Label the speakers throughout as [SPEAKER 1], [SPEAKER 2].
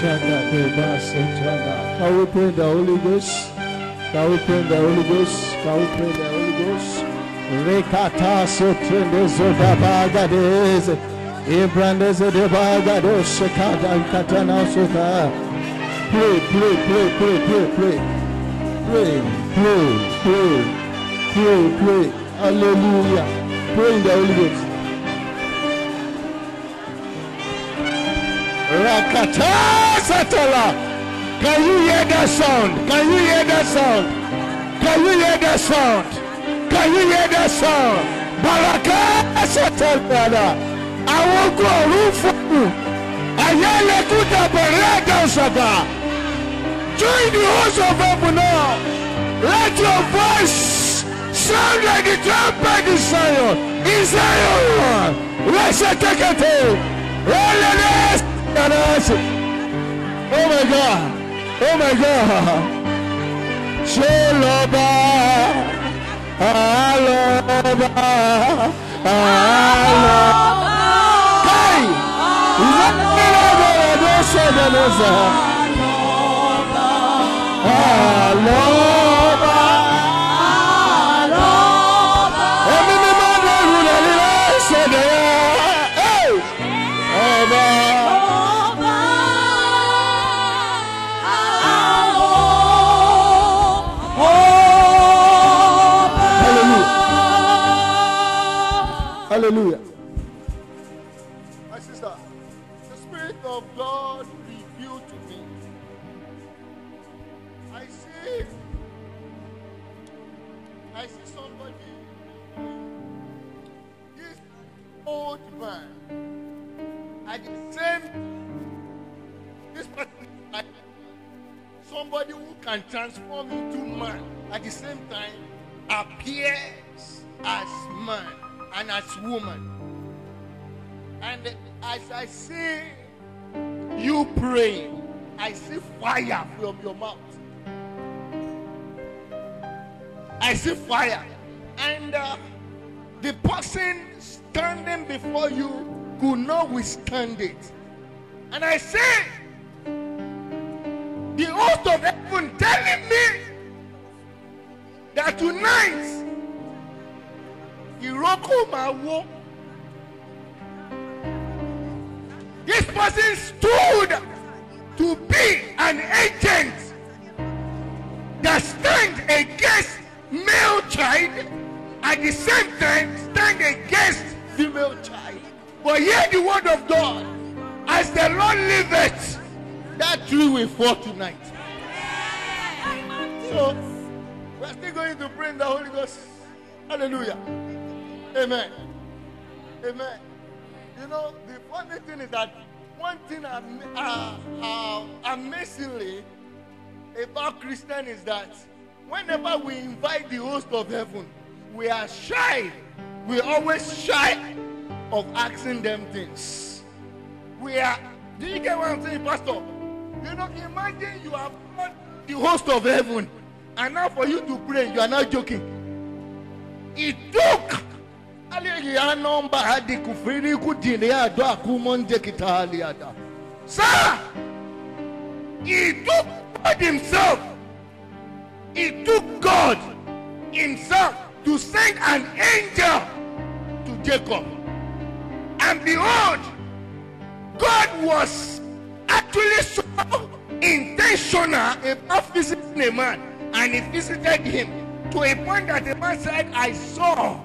[SPEAKER 1] Can we pray the Holy Ghost? Can we pray the Holy Ghost? Can we pray the Holy Ghost? Rekata sotrendezo da bagadeze. Ibrandezo de bagado shekada katana sota. Pray, pray, pray, pray, pray, pray. Pray, pray, pray, pray, pray. Hallelujah. Pray in the Holy Ghost.
[SPEAKER 2] Rakata! settle Can you hear that sound? Can you hear that sound? Can you hear that sound? Can you hear that sound? Baraka settle brother. I won't go room for you. Ayele kuda berega usada. Join the host of heaven now. Let your voice sound like the trumpet in Zion. In Zion. Let's take it. All the rest. Oh my God. Oh my God. Sholoba. Aloba. Aloba. Hey! Aloba. Aloba. Aloba.
[SPEAKER 1] Hallelujah. My sister, the Spirit of God revealed to me. I see, I see somebody, this old man, at the same this person, somebody who can transform into man at the same time appears as man and as woman. And as I see you praying, I see fire from your mouth. I see fire. And uh, the person standing before you could not withstand it. And I say, the host of heaven telling me that tonight ìrókò Mawo. This person stood to be an agent that stand against male child at the same time stand against female child. But hear the word of God. As the Lord liveth, that tree will fall tonight. So, we are still going to pray in the Holy Ghost. Hallelujah. Amen. Amen. You know, the funny thing is that one thing am- uh, uh, amazingly about Christian is that whenever we invite the host of heaven, we are shy. We always shy of asking them things. We are. Do you get what I'm saying, Pastor? You know, imagine you have got the host of heaven, and now for you to pray, you are not joking. It took aliyanomba sir he took God himself he took God himself to send an angel to Jacob and behold God was actually so intentional about visiting a man and he visited him to a point that the man said I saw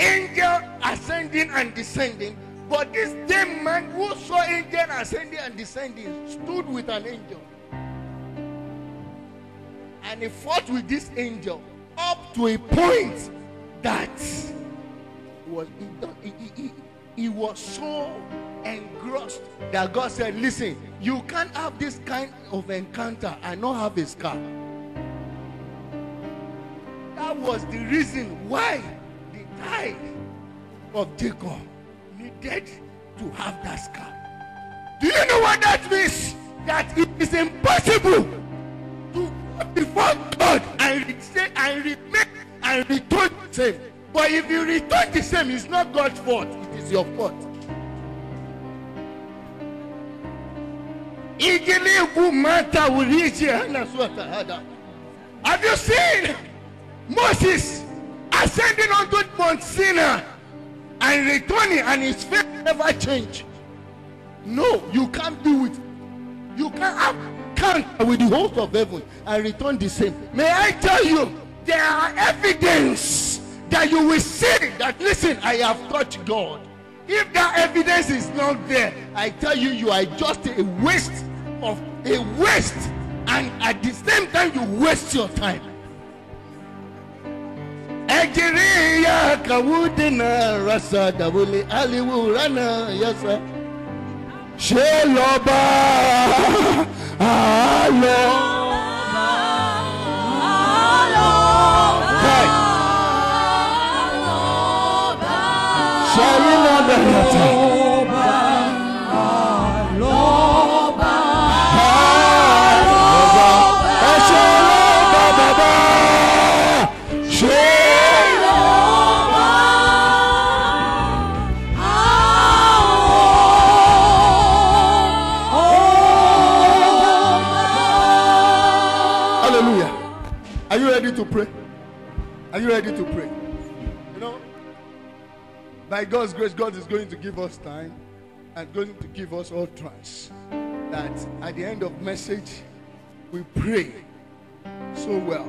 [SPEAKER 1] angel ascending and descending. But this same man who saw angel ascending and descending stood with an angel. And he fought with this angel up to a point that was he, he, he, he was so engrossed that God said, Listen, you can't have this kind of encounter and not have a scar. That was the reason why I of Jacob needed to have that scar. Do you know what that means? That it is impossible to go before God and return and remain and return the same. But if you return the same, it's not God's fault, it is your fault. Have you seen Moses? ascending unto Mount Sinai and returning, and his faith never changed. No, you can't do it. You can't count with the host of heaven and return the same. May I tell you, there are evidence that you will see that, listen, I have touched God. If that evidence is not there, I tell you, you are just a waste of a waste, and at the same time, you waste your time. أجري يا كودنا رسا دولي علي ورانا يسا شلوبا هالو
[SPEAKER 2] Shall we not
[SPEAKER 1] ready to pray. You know, by God's grace, God is going to give us time and going to give us all trust That at the end of message, we pray so well.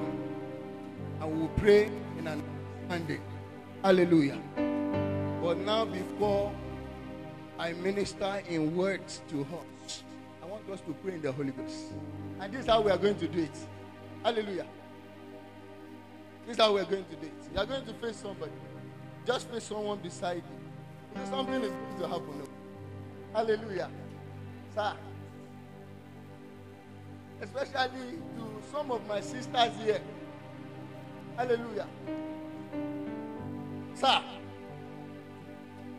[SPEAKER 1] And we pray in an understanding. Hallelujah. But now, before I minister in words to us, I want us to pray in the Holy Ghost. And this is how we are going to do it. Hallelujah is how we're going to date. You are going to face somebody. Just face someone beside you. Something is going to happen. Hallelujah. Sir. Especially to some of my sisters here. Hallelujah. Sir.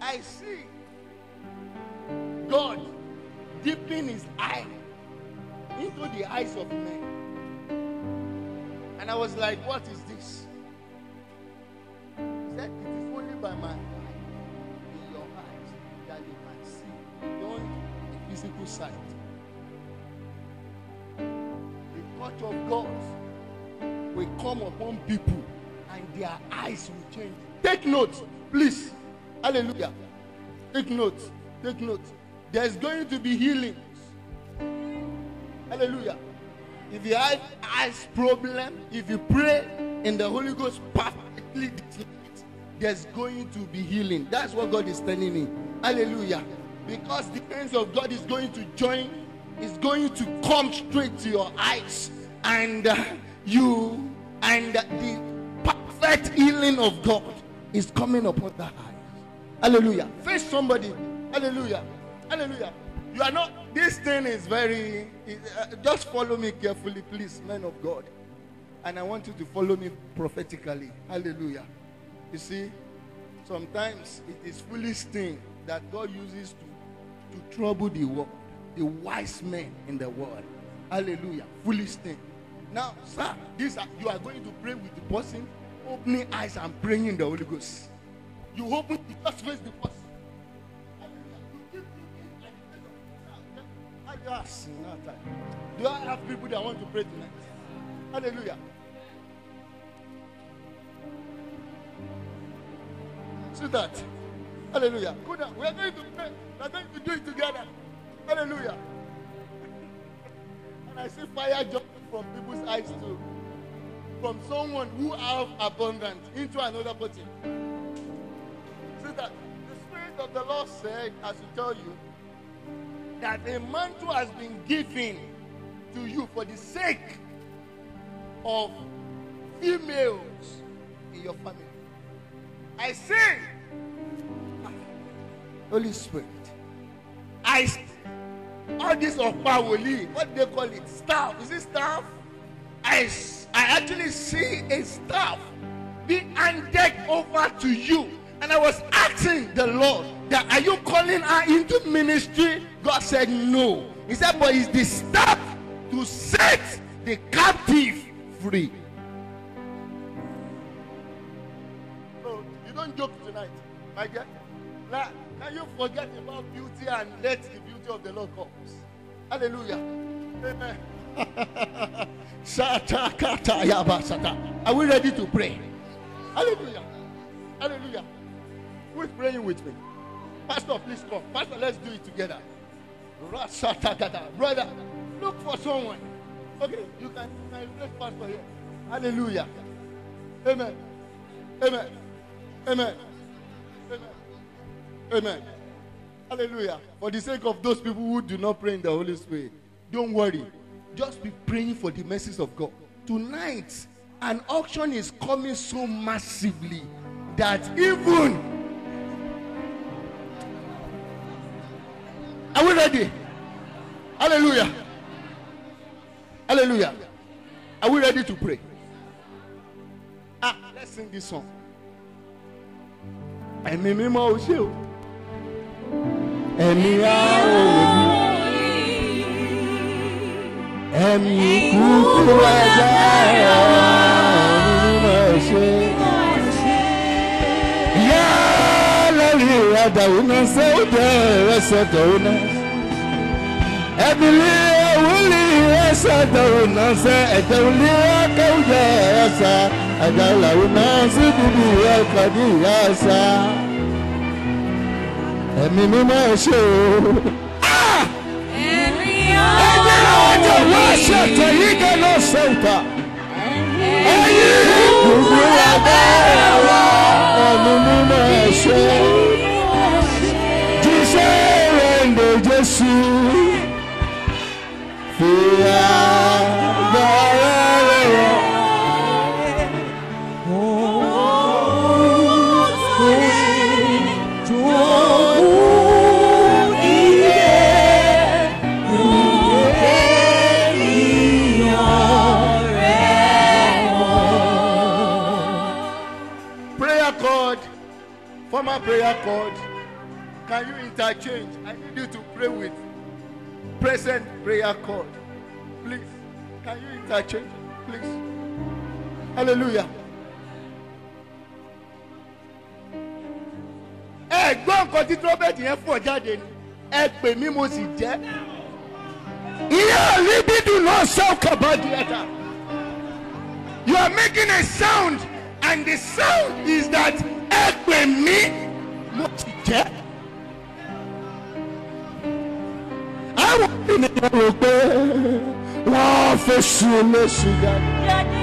[SPEAKER 1] I see God dipping his eye into the eyes of men. And I was like, what is this? by my in your eyes that you might see beyond the physical sight. The touch of God will come upon people and their eyes will change. Take note, please. Hallelujah. Take note. Take note. There's going to be healings. Hallelujah. If you have eyes problem, if you pray in the Holy Ghost perfectly there's going to be healing. That's what God is telling me. Hallelujah. Because the hands of God is going to join, is going to come straight to your eyes, and uh, you and uh, the perfect healing of God is coming upon the eyes. Hallelujah. Face somebody. Hallelujah. Hallelujah. You are not, this thing is very, uh, just follow me carefully, please, men of God. And I want you to follow me prophetically. Hallelujah. You see, sometimes it is foolish thing that God uses to, to trouble the world, the wise men in the world. Hallelujah. Foolish thing. Now, sir, this uh, you are going to pray with the person, opening eyes and praying in the Holy Ghost. You open the first face the person. Do I have people that want to pray tonight? Hallelujah. See that, hallelujah. We are going to pray. We are going to do it together. Hallelujah. and I see fire jumping from people's eyes too. From someone who have abundance into another body. See that the Spirit of the Lord said, as we tell you, that a mantle has been given to you for the sake of females in your family. I say, Holy Spirit, I all this of Pawoli, what do they call it? Staff. Is it staff? I, I actually see a staff being handed over to you. And I was asking the Lord that are you calling her into ministry? God said no. He said, but it's the staff to set the captive free. don't joke tonight, my dear. Now, can you forget about beauty and let the beauty of the Lord come? Hallelujah. Amen. Are we ready to pray? Hallelujah. Hallelujah. Who's praying with me? Pastor, please come. Pastor, let's do it together. Brother, look for someone. Okay, you can, you can Pastor here. Hallelujah. Amen. Amen. Amen. Amen. Amen. Hallelujah. For the sake of those people who do not pray in the Holy Spirit, don't worry. Just be praying for the mercies of God. Tonight, an auction is coming so massively that even. Are we ready? Hallelujah. Hallelujah. Are we ready to pray? Ah, let's sing this song. ẹ̀mí mímọ́ o ṣé o ẹ̀mí àròyìn
[SPEAKER 2] ẹ̀mí kúkú ẹ̀jẹ̀ ẹ̀mí mímọ́ o ṣé. yá lórí
[SPEAKER 1] ìrẹ̀dà òun náà ṣé ó dé ẹ̀rẹ́sẹ̀ dọ̀wọ́ náà ẹ̀mí lé owó lè ẹ̀sẹ̀ náà ṣe ẹ̀jẹ̀ lé ọkọ̀ òun أجعله ناصب بي القديسة ẹ̀mí mímọ́ ṣe o.
[SPEAKER 2] ẹ̀mí ọjọ́ wá ṣètò yìí kẹ́ ló ṣe ìta. ẹ̀mí gbogbo abẹ́rẹ́ wa ẹ̀mí mímọ́ ṣe. jíṣẹ́ rẹ̀ ń dè Jésù. fìyà.
[SPEAKER 1] prayer cord. Can you interchange? I need you to pray with present prayer cord. Please. Can you interchange? Please. Hallelujah. Ẹ gbọ́ nǹkan tí trọ́bẹ̀tì yẹn fọ̀ jáde ni. Ẹ pè mí mo sì jẹ́. Ilé àlébídùn náà sọ̀kọ̀ bá di ẹ̀ta. You are making a sound and the sound is that ẹ pè mí. mo ti jẹ́. àwọn ènìyàn
[SPEAKER 2] rò pé wọ́n you, sùn lóṣù dáadáa.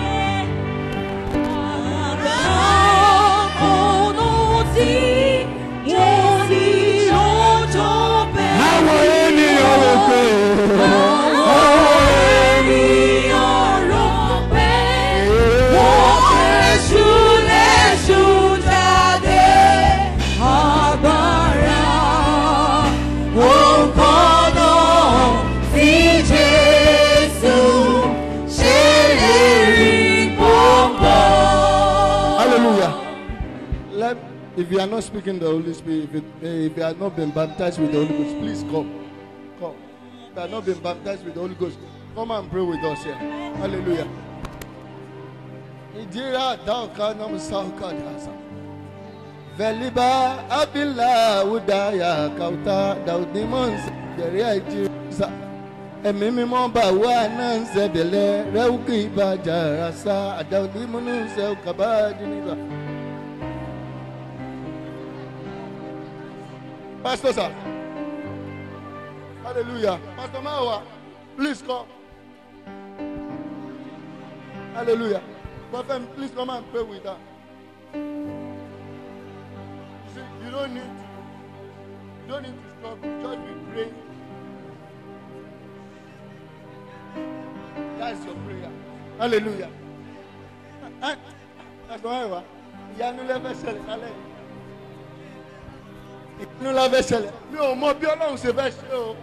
[SPEAKER 1] if you are not speaking the Holy Spirit, if you, eh, if you have not been baptized with the Holy Ghost, please come. Come. If you have not been baptized with the Holy Ghost, come and pray with us here. Hallelujah. Ìdíra àdáǹkà náà sáwùkà dàsà. Vẹ̀líbà Abilà Awúdáyà Kàwùtà Dàwùdí Ẹ̀mí mímọ́ bá wà náà ń sẹ̀dẹ̀lẹ̀ rẹ́wùkì ìbàjà ràṣà àdàwùdí Mọ̀nsẹ̀ Kàbá Dìníbà. Pastor sir. Hallelujah. Pastor Mawa, please come. Hallelujah. Prophet, please come and pray with her. You see, you don't need to, you don't need to struggle. Just be praying. That's your prayer. Hallelujah. Pastor Mawa, ìyanu lẹ́fẹ̀ẹ́ sẹ̀lẹ̀ lálẹ́ Hallelujah ìyanu la fẹ́ ṣẹlẹ̀ mi ò mọ bí ọlọ́run ṣe fẹ́ ṣe o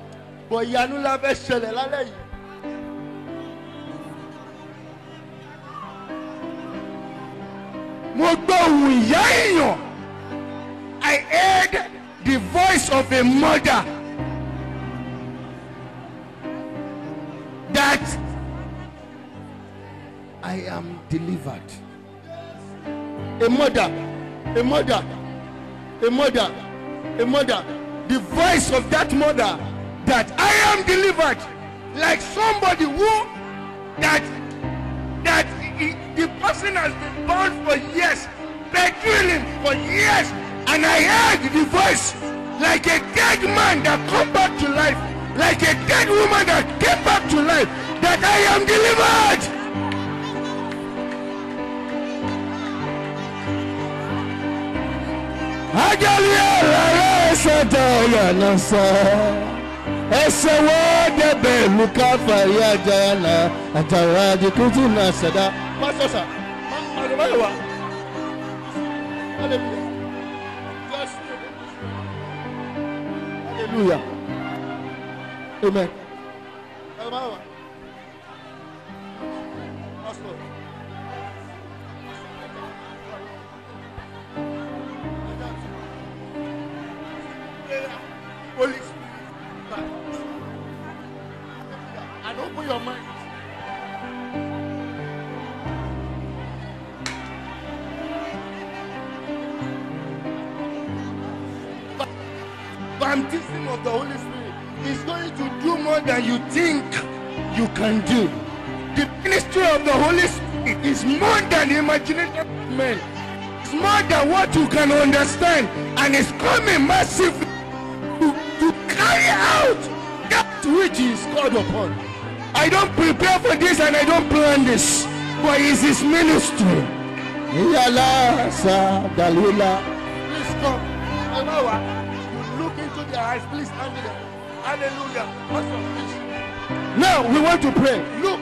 [SPEAKER 1] bọ̀ ìyanu la fẹ́ ṣẹlẹ̀ lálẹ́ yìí. mo gbọ́ ohùn ìyá èèyàn I heard the voice of a mother that I am delivered a mother a mother a mother. a mother, the voice of that mother that I am delivered, like somebody who that that he, the person has been bound for years, bedrilling for years, and I heard the voice like a dead man that come back to life, like a dead woman that
[SPEAKER 2] came back to life, that I am delivered. Agalia
[SPEAKER 1] Santa Yanasa. Esewo debe luka faria jana atara di kutu na sada. Masosa, masosa, Hallelujah. Hallelujah. Amen. Amen. Holy Spirit. And open your mind. Baptism of the Holy Spirit is going to do more than you think you can do. The ministry of the Holy Spirit is more than imaginative men. It's more than what you can understand, and it's coming massively. which is called upon. I don't prepare for this and I don't plan this, but it's his ministry. Yala dalila. Please come. You look into their eyes. Please stand them. Hallelujah. Please. Now we want to pray. Look.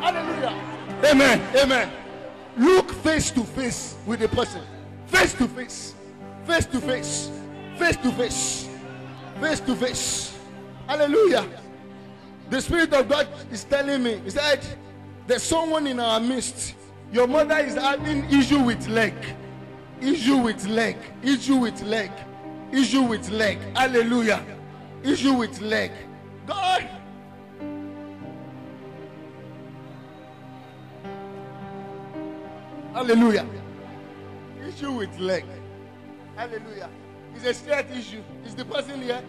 [SPEAKER 1] Hallelujah. Amen. Amen. Look face to face with the person. Face to face. Face to face. Face to face. Face to face. Hallelujah. The Spirit of God is telling me, He said, There's someone in our midst. Your mother is having issue with leg. Issue with leg. Issue with leg. Issue with leg. Hallelujah. Issue with leg. God. Hallelujah. Issue with leg. Hallelujah. It's a straight issue. Is the person here?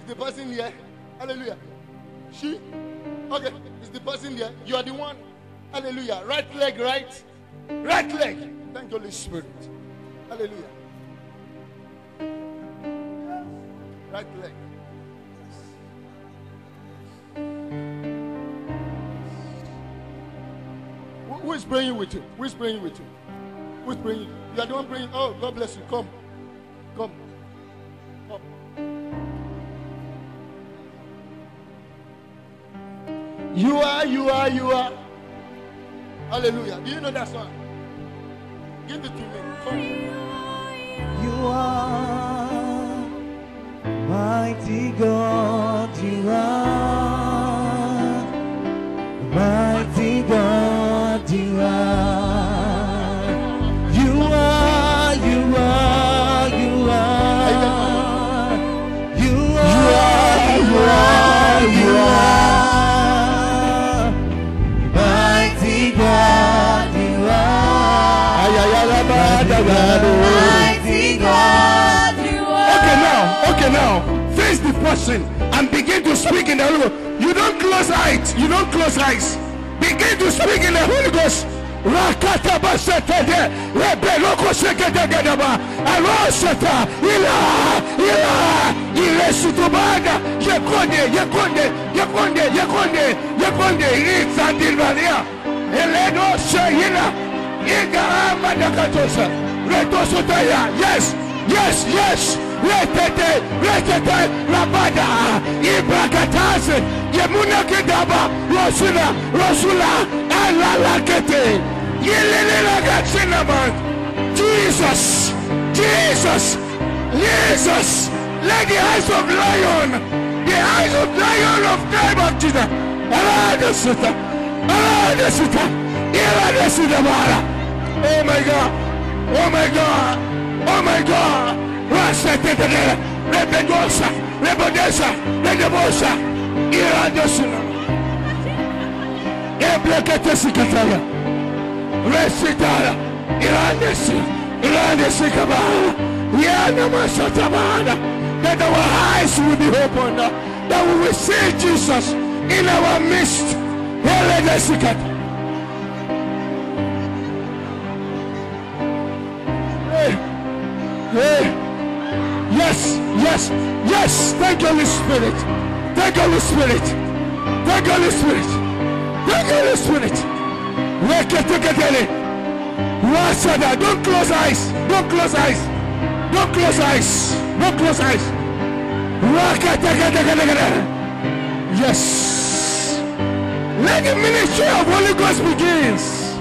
[SPEAKER 1] Is the person here? Hallelujah. She? Okay. Is the person there? You are the one. Hallelujah. Right leg, right? Right leg. Thank you, Holy Spirit. Hallelujah. Right leg. Who is praying with you? Who is praying with you? Who is praying? You are the one praying. Oh, God bless you. Come. Come. You are, you are, you are. Hallelujah. Do you know that song? Give it to me.
[SPEAKER 2] Come. You are mighty God. You are mighty.
[SPEAKER 1] portion and begin to speak in the Holy Ghost. You don't close eyes. You don't close eyes. Begin to speak in the Holy Ghost. Rakata
[SPEAKER 2] basetede rebeloko sekedegedeba aroseta ila ila ilesutubada yekonde yekonde yekonde yekonde yekonde ritadilaria eledo seyila igaama dakatosa retosotaya yes yes yes. yes. rekete rekete rabada ibrakatase yemunakedaba rosula rosula lakete alalakete yelelelagatsinaman jesus jesus jesus like the eyes of lion the eyes of lion of time of jesus aladasita aladasita iladasidabara oh my god oh my god oh my god Rasetetele, Rebedosa, Rebodesa, Redebosa, Irandosuna, Ebleketesikatala, Resitala, Irandesi, Irandesikabana, Yanamasatabana, that our eyes will be opened, that we will see Jesus in our midst. Eledesikata. Yes, yes. Thank you, Holy Spirit. Thank you, Holy Spirit. Thank you, Holy Spirit. Thank you, Holy Spirit. Don't close eyes. Don't close eyes. Don't close eyes. Don't close eyes. Yes. Let the ministry of Holy Ghost begins.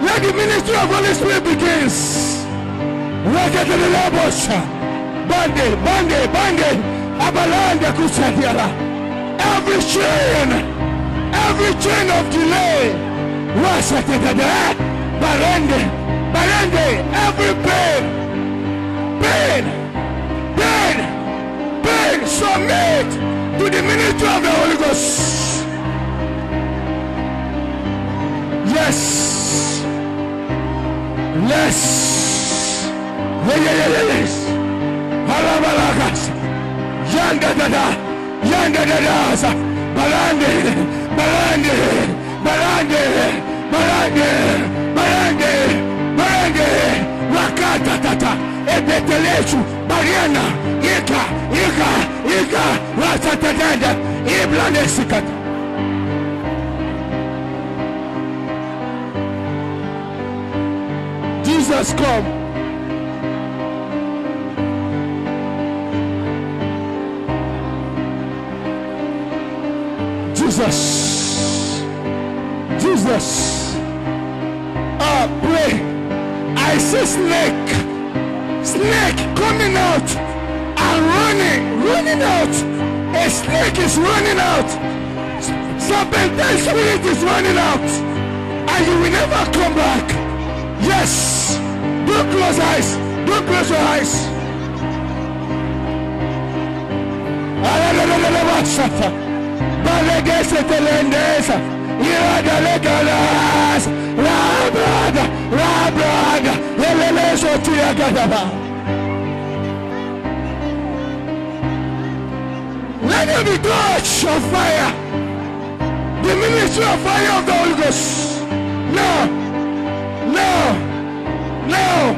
[SPEAKER 2] Let the ministry of Holy Spirit begins. Look at the labor. Bande, bande, bande. abalanda kusadiala. Every chain, every chain of delay. Wasatadada. Barende, barende. Every pain, pain, pain, pain. Submit to the ministry of the Holy Ghost. Yes. Yes. Yeah, yeah, yeah, yeah, yes balabalagas yandadada yandadadasa balande balande balande balande balande balande rakatatata ebetelesu bariana ika ika ika rasatatanda iblanesikata Jesus come Jesus. Jesus. I pray. I see snake. Snake coming out and running. Running out. A snake is running out. Serpentine spirit is running out. And you will never come back. Yes. Don't close eyes. Don't close your eyes. Palegese telendesa, irada legalas, la braga, la braga, elele sotia gadaba. Let there be touch of fire. The ministry of fire of the Holy Ghost. Now, now, now,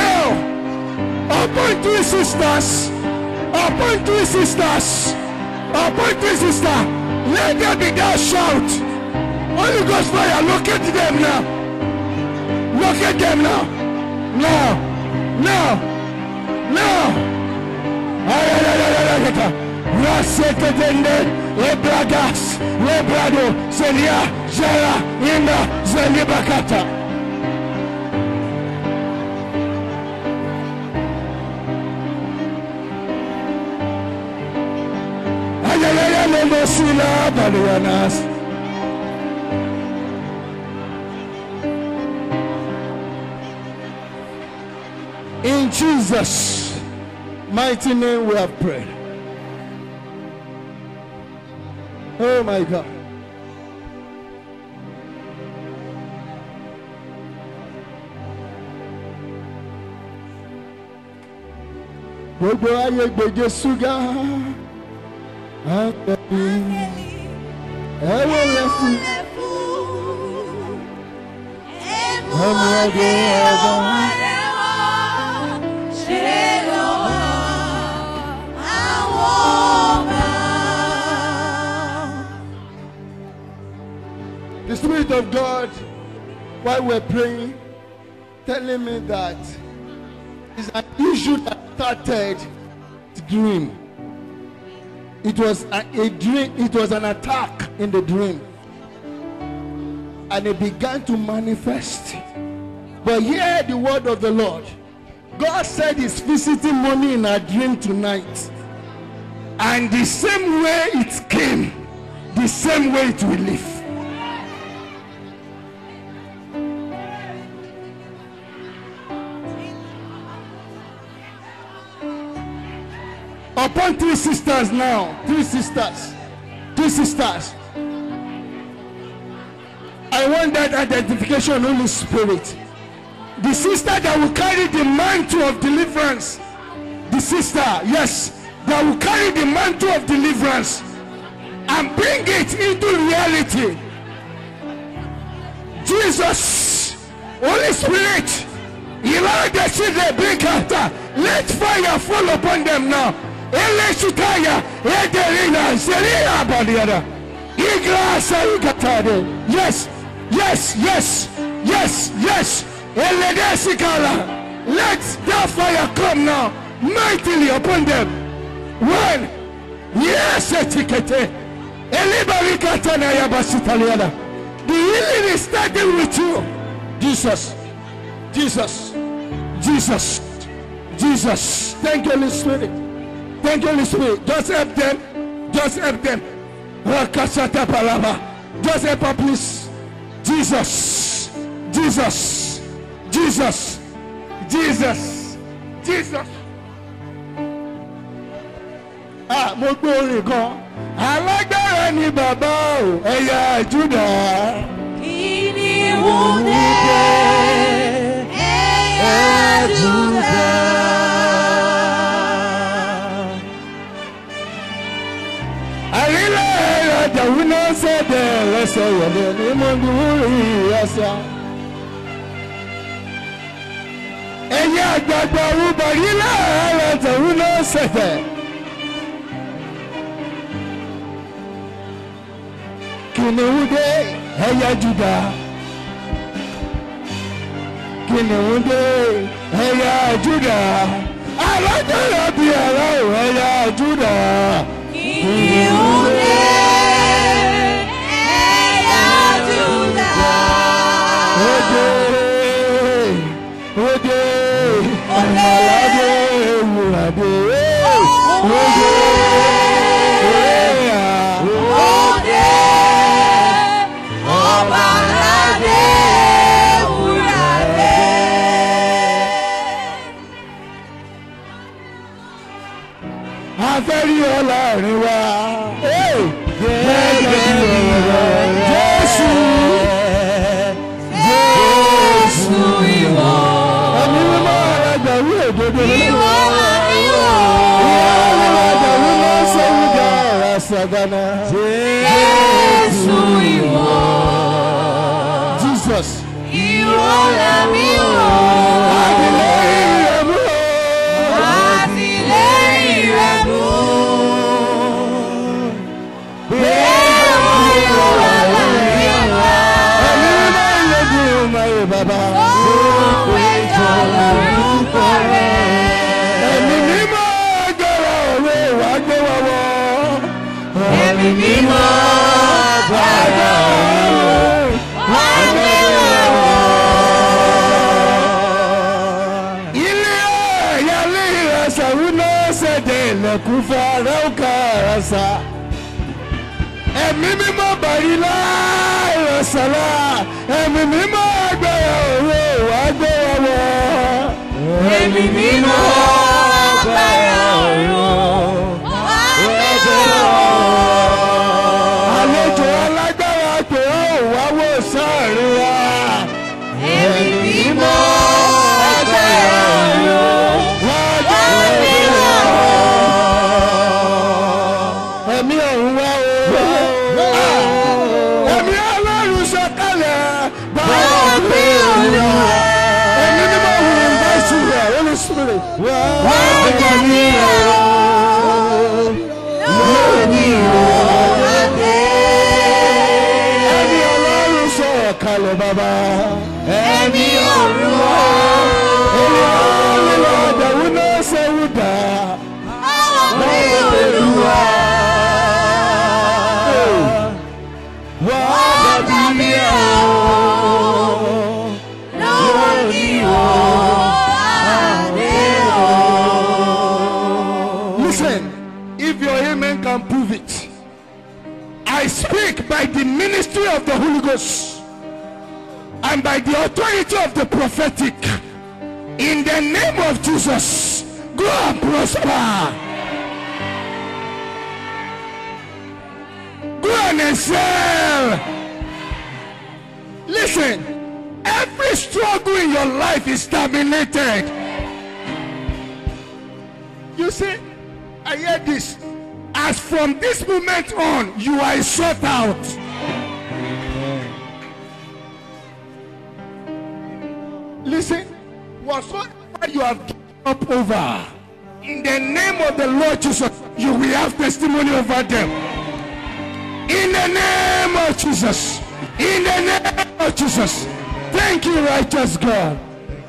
[SPEAKER 2] now. Appoint three sisters. Appoint three sisters. Appointed sister, let there be that shout. Holy Ghost fire, locate them now. Locate them now. Now. Now. Now. Rasetetende, Lebragas, Lebrado, Zelia, Zera, Inda, Zelibakata.
[SPEAKER 1] in jesus mighty name we have prayed oh my god
[SPEAKER 2] gbogbo ayé gbèjé ṣúgà. The
[SPEAKER 1] Spirit of God, while we're praying, telling me that it's an issue that started dream. It was a, a dream, it was an attack in the dream. And it began to manifest. But hear the word of the Lord. God said he's visiting money in a dream tonight. And the same way it came, the same way it will live. sisters now. Three sisters. Three sisters. I want that identification, Holy Spirit. The sister that will carry the mantle of deliverance. The sister, yes, that will carry the mantle of deliverance and bring it into reality. Jesus, Holy Spirit, allow the children break after. Let fire fall upon
[SPEAKER 2] them now elesitaya ederina zelina baliada iglasa igatade yes yes yes yes yes eledesikala let that fire come now mightily upon them when yes etikete elibarikatana
[SPEAKER 1] yabasitaliada the healing is starting with you jesus jesus jesus jesus thank you holy spirit Thank you, Holy Spirit. Just help them. Just help them. Rakasata palaba. Just help her, please. Jesus. Jesus. Jesus. Jesus. Jesus. Ah, mo gbé orin kan. Alágbára ni bàbá
[SPEAKER 2] o, ẹ̀yà Júdà. Kí ni wúdẹ́ ẹ̀yà Júdà? Jawuna said, Let's say, Nimanguri, yes, sir.
[SPEAKER 1] ẹ̀yin àgbààgbà ọ̀rùbọ̀ yìí láàárọ̀ tòun ló ṣẹ̀fẹ̀. kìnìún dé ẹ̀yà Júdà
[SPEAKER 2] kìnìún dé ẹ̀yà Júdà alájọyọ̀ bíi ẹ̀rọ ẹ̀yà Júdà kìnìún. fẹ́ rí wa. Jésù Jésù ìwọ. Ẹ̀mí mímọ́ ara òdodo lọ́wọ́. Ìwọ Jesus. ìlẹ̀kùnfẹ́ rẹ̀ ó kà á sá. ẹ̀mí mímọ́ bàrí láìrọ̀sọ̀lá ẹ̀mí mímọ́ agbára òwe wàá gbé wọn wọ. ẹ̀mí mímọ́ agbára òwe wàá gbé wọ.
[SPEAKER 1] fire of the Holy Ghost and by the authority of the
[SPEAKER 2] prophetic in the name of Jesus go and prosper go and excel listen every struggle in your
[SPEAKER 1] life is terminated you see I hear this as from this moment on you are sought out Listen, whatsoever you have given up over, in the name of the Lord Jesus, you will have testimony over them. In the name
[SPEAKER 2] of Jesus. In the name of Jesus. Thank you, righteous God.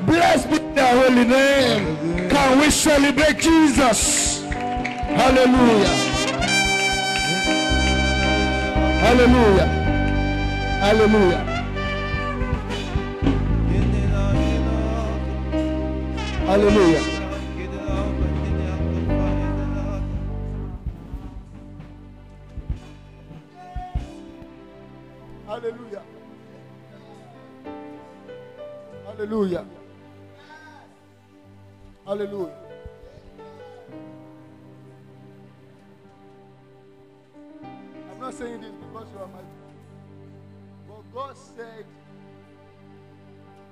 [SPEAKER 1] Blessed be the holy name. Can we celebrate Jesus? Hallelujah. Hallelujah. Hallelujah. Hallelujah. Hallelujah. Hallelujah. Hallelujah. I'm not saying this because you are my. But God said,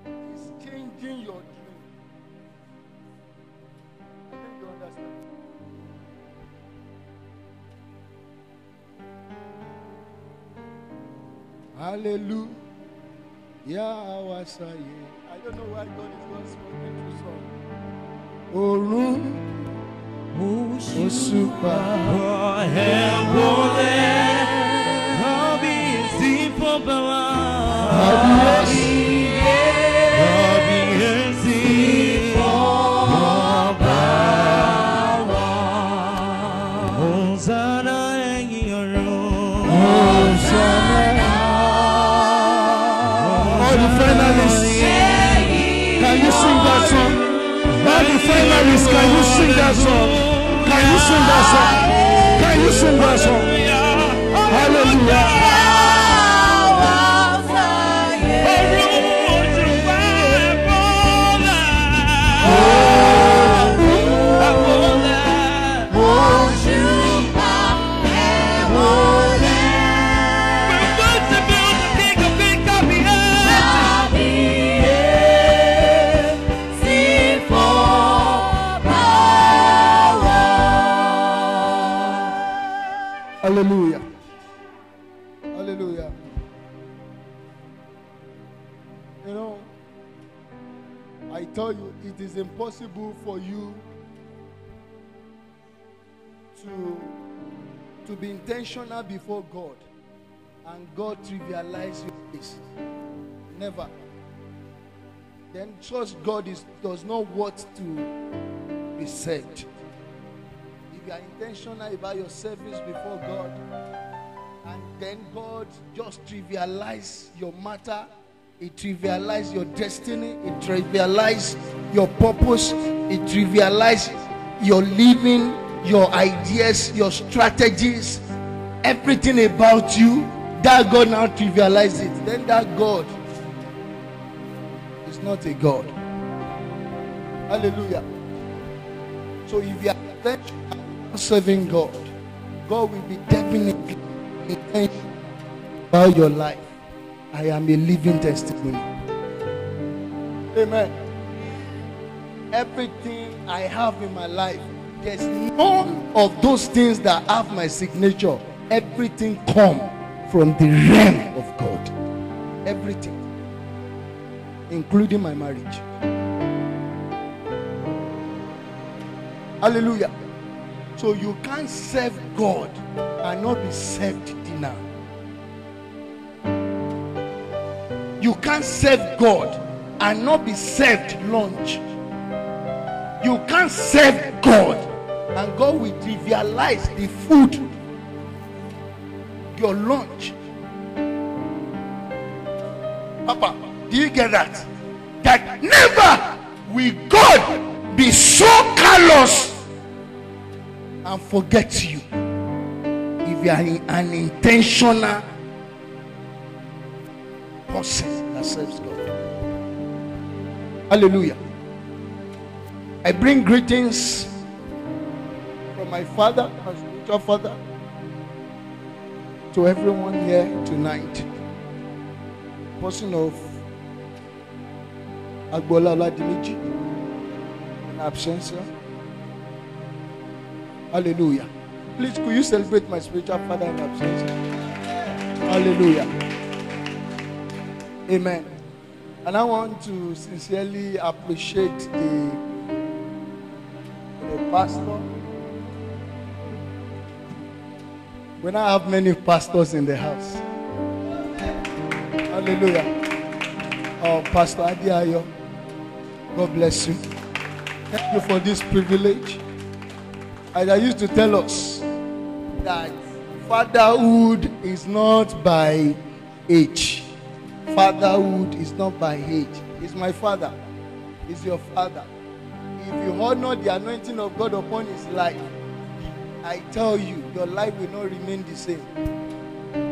[SPEAKER 1] He's changing your Hallelujah, our I don't know why God is not speaking to some. Oru
[SPEAKER 2] òṣùpá ẹ̀wọ̀lẹ̀ ọ̀bí ìsìn fún bàbá. Àbúrò Can you sing that song? Can you sing that song? Can you sing that song? Hallelujah.
[SPEAKER 1] Hallelujah. Hallelujah. You know, I tell you, it is impossible for you to, to be intentional before God and God trivialize your Never. Then trust God is, does not what to be said if you are intentional about your service before God, and then God just trivialize your matter, it trivialize your destiny, it trivialize your purpose, it trivialize your living, your ideas, your strategies, everything about you. That God now trivialize it. Then that God is not a God. Hallelujah. So if you are intentional serving God, God will be definitely about your life. I am a living testimony. Amen. Everything I have in my life, there's none of those things that have my signature. Everything come from the realm of God. Everything. Including my marriage. Hallelujah. So you can't serve God and not be served dinner. You can't serve God and not be served lunch. You can't serve God and God will trivialize the food, your lunch. Papa, do you get that? That never will God be so callous and forget you if you are an intentional person that serves God. Hallelujah. I bring greetings from my father, my spiritual father, to everyone here tonight. Person of Agbola Ladimiji in absence. Hallelujah. Please, could you celebrate my spiritual father in absence? Hallelujah. Amen. And I want to sincerely appreciate the, the pastor. We now have many pastors in the house. Hallelujah. Oh, Pastor Adiayo, God bless you. Thank you for this privilege. I used to tell us that fatherhood is not by age. Fatherhood is not by age. It's my father. It's your father. If you honor the anointing of God upon his life, I tell you, your life will not remain the same.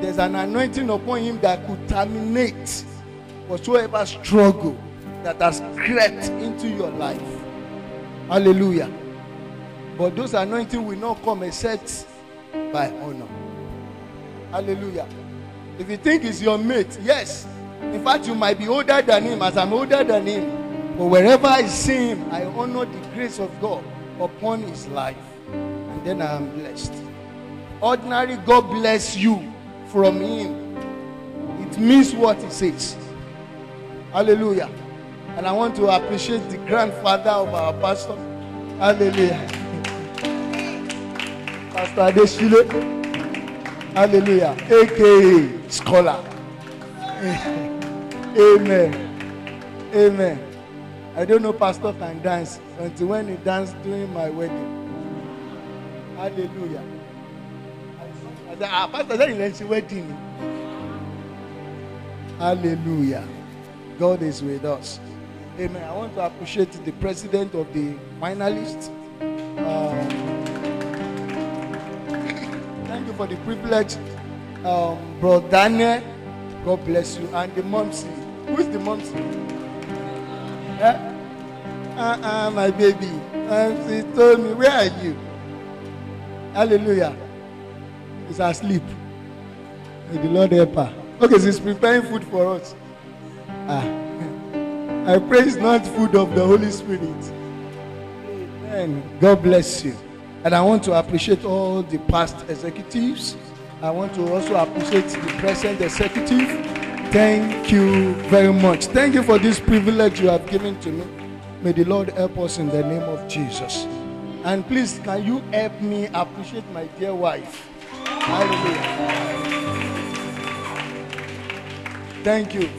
[SPEAKER 1] There's an anointing upon him that could terminate whatsoever struggle that has crept into your life. Hallelujah. But those anointing will not come except by honor. Hallelujah. If you think it's your mate, yes. In fact, you might be older than him, as I'm older than him. But wherever I see him, I honor the grace of God upon his life. And then I am blessed. Ordinary God bless you from him. It means what it says. Hallelujah. And I want to appreciate the grandfather of our pastor. Hallelujah. Pastor Adeshile. Hallelujah. AKA scholar. Amen. Amen. I don't know pastor can dance until when he danced during my wedding. Hallelujah. Ah, pastor said he learned wedding. Hallelujah. God is with us. Amen. I want to appreciate the president of the finalists. Um, you for the privilege. Um, Brother Daniel, God bless you. And the mumsy, Who is the mumsy? Yeah? Uh-uh, my baby. Um, she told me, where are you? Hallelujah. Is asleep. May the Lord help her. Okay, she's preparing food for us. Ah. I pray it's not food of the Holy Spirit. Amen. God bless you. And I want to appreciate all the past executives. I want to also appreciate the present executive. Thank you very much. Thank you for this privilege you have given to me. May the Lord help us in the name of Jesus. And please, can you help me appreciate my dear wife? Hallelujah. Thank you.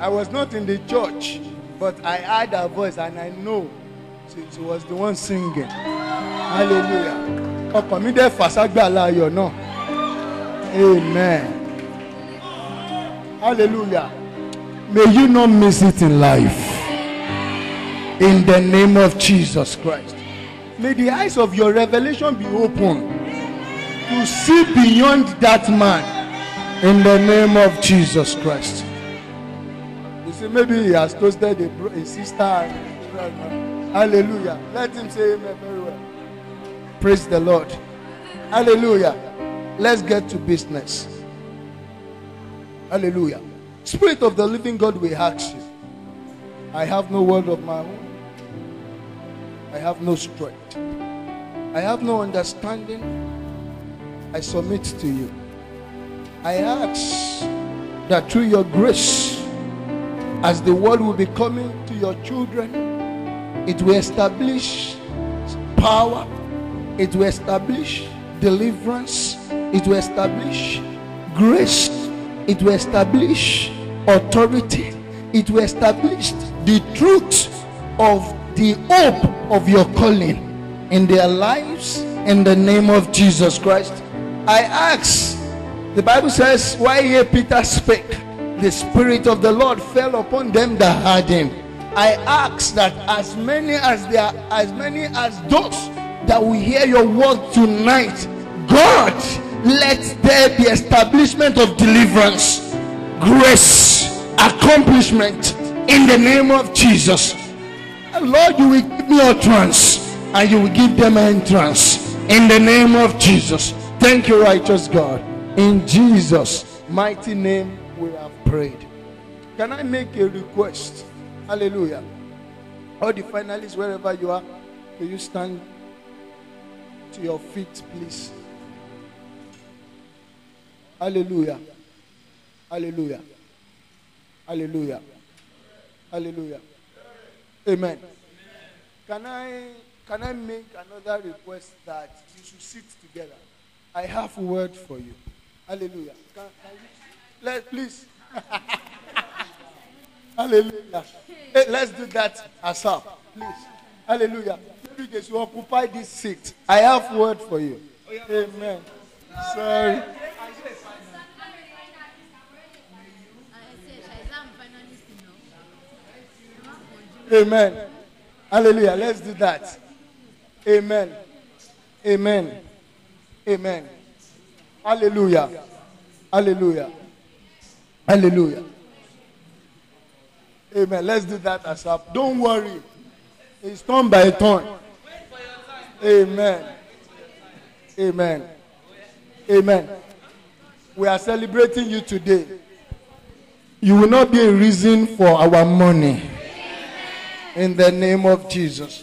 [SPEAKER 1] I was not in the church, but I heard her voice and I know she, she was the one singing hallelujah ọkàn mi dẹ́ fàṣágbà you know. amen hallelujah may you not miss it in life in the name of Jesus Christ may the eyes of your revelation be open to see beyond that man in the name of Jesus Christ. You see, maybe he has toasted a, a sister. Hallelujah. Let him say amen very well. Praise the Lord. Hallelujah. Let's get to business. Hallelujah. Spirit of the living God, we ask you. I have no word of my own. I have no strength. I have no understanding. I submit to you. I ask that through your grace, as the world will be coming to your children, it will establish power. It will establish deliverance. It will establish grace. It will establish authority. It will establish the truth of the hope of your calling in their lives in the name of Jesus Christ. I ask, the Bible says, why here Peter spake, the Spirit of the Lord fell upon them that heard him I ask that as many as there as many as those that will hear your word tonight, God, let there be establishment of deliverance, grace, accomplishment in the name of Jesus. Lord, you will give me utterance and you will give them entrance in the name of Jesus. Thank you, righteous God. In Jesus' mighty name, we have prayed. Can I make a request? Hallelujah. All the finalists, wherever you are, will you stand to your feet, please? Hallelujah. Hallelujah. Hallelujah. Hallelujah. Amen. Can I can I make another request that you should sit together? I have a word for you. Hallelujah. Can, can you, let please. Hallelujah. Hey, let's do that asap, please. Hallelujah. Maybe occupy this seat. I have word for you. Amen. Sorry. Amen. Hallelujah. Let's do that. Amen. Amen. Amen. Hallelujah. Hallelujah. Hallelujah. Amen. Let's do that as Don't worry. It's turn by turn. Amen. Amen. Amen. We are celebrating you today. You will not be a reason for our money. In the name of Jesus.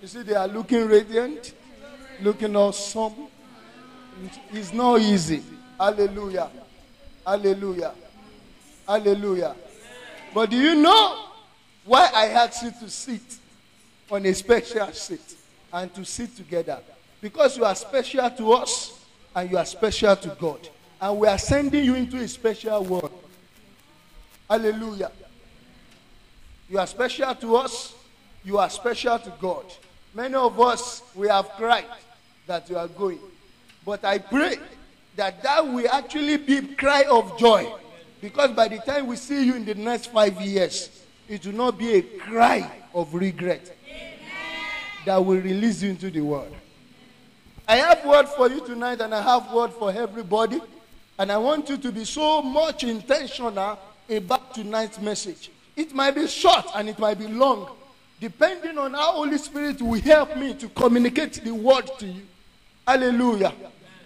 [SPEAKER 1] You see, they are looking radiant, looking awesome. It's not easy. Hallelujah. Hallelujah. Hallelujah. But do you know why I asked you to sit on a special seat and to sit together? Because you are special to us and you are special to God. And we are sending you into a special world. Hallelujah. You are special to us. You are special to God. Many of us, we have cried that you are going. But I pray that that will actually be cry of joy because by the time we see you in the next five years, it will not be a cry of regret that will release you into the world. I have word for you tonight, and I have word for everybody. And I want you to be so much intentional about tonight's message. It might be short and it might be long, depending on how Holy Spirit will help me to communicate the word to you. Hallelujah.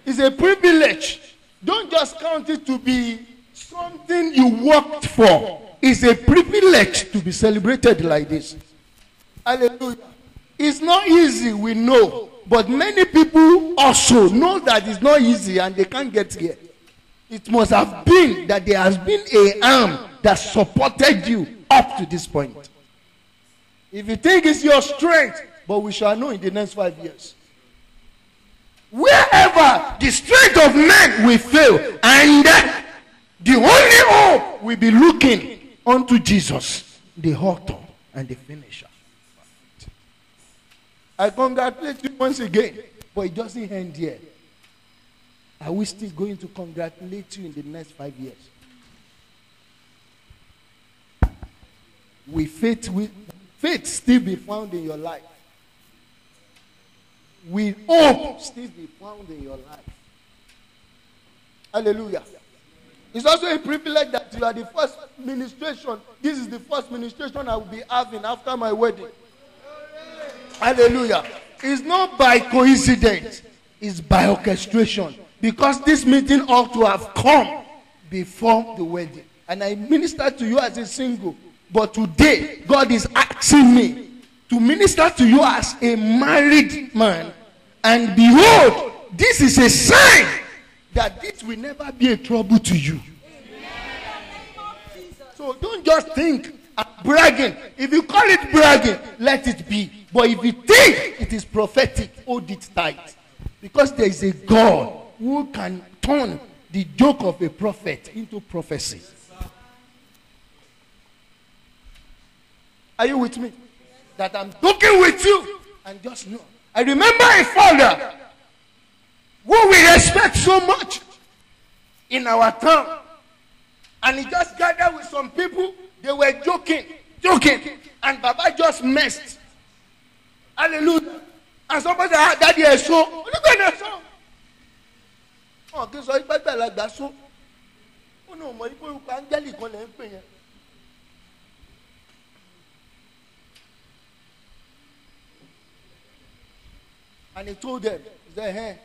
[SPEAKER 1] It's a privilege. Don't just count it to be Something you worked for is a privilege to be celebrated like this. Hallelujah. It's not easy, we know. But many people also know that it's not easy and they can't get here. It must have been that there has been a arm that supported you up to this point. If you think it's your strength, but we shall know in the next five years. Wherever the strength of men will fail, and the only hope will be looking unto Jesus, the author and the finisher. I congratulate you once again, but it doesn't end here. Are we still going to congratulate you in the next five years? Will faith, will faith still be found in your life? Will hope still be found in your life? Hallelujah. It's also a privilege that you are the first ministration. This is the first ministration I will be having after my wedding. Hallelujah. It's not by coincidence, it's by orchestration. Because this meeting ought to have come before the wedding. And I minister to you as a single. But today, God is asking me to minister to you as a married man. And behold, this is a sign that this will never be a trouble to you. So don't just think at bragging. If you call it bragging, let it be. But if you think it is prophetic, hold it tight. Because there is a God who can turn the joke of a prophet into prophecy. Are you with me? That I'm talking with you and just know. I remember a father who we respect so much in our town. And he just gathered with some people. They were joking, joking. And Baba just messed. Hallelujah. And somebody said, ah, Daddy, I saw. Look at that song. Oh, kí n sọ ipá gbàlagbà sún. Ó ní òmò ipò ìpò áńgẹ́lì kan lè ń pè yẹn. And he told them, he said, hey,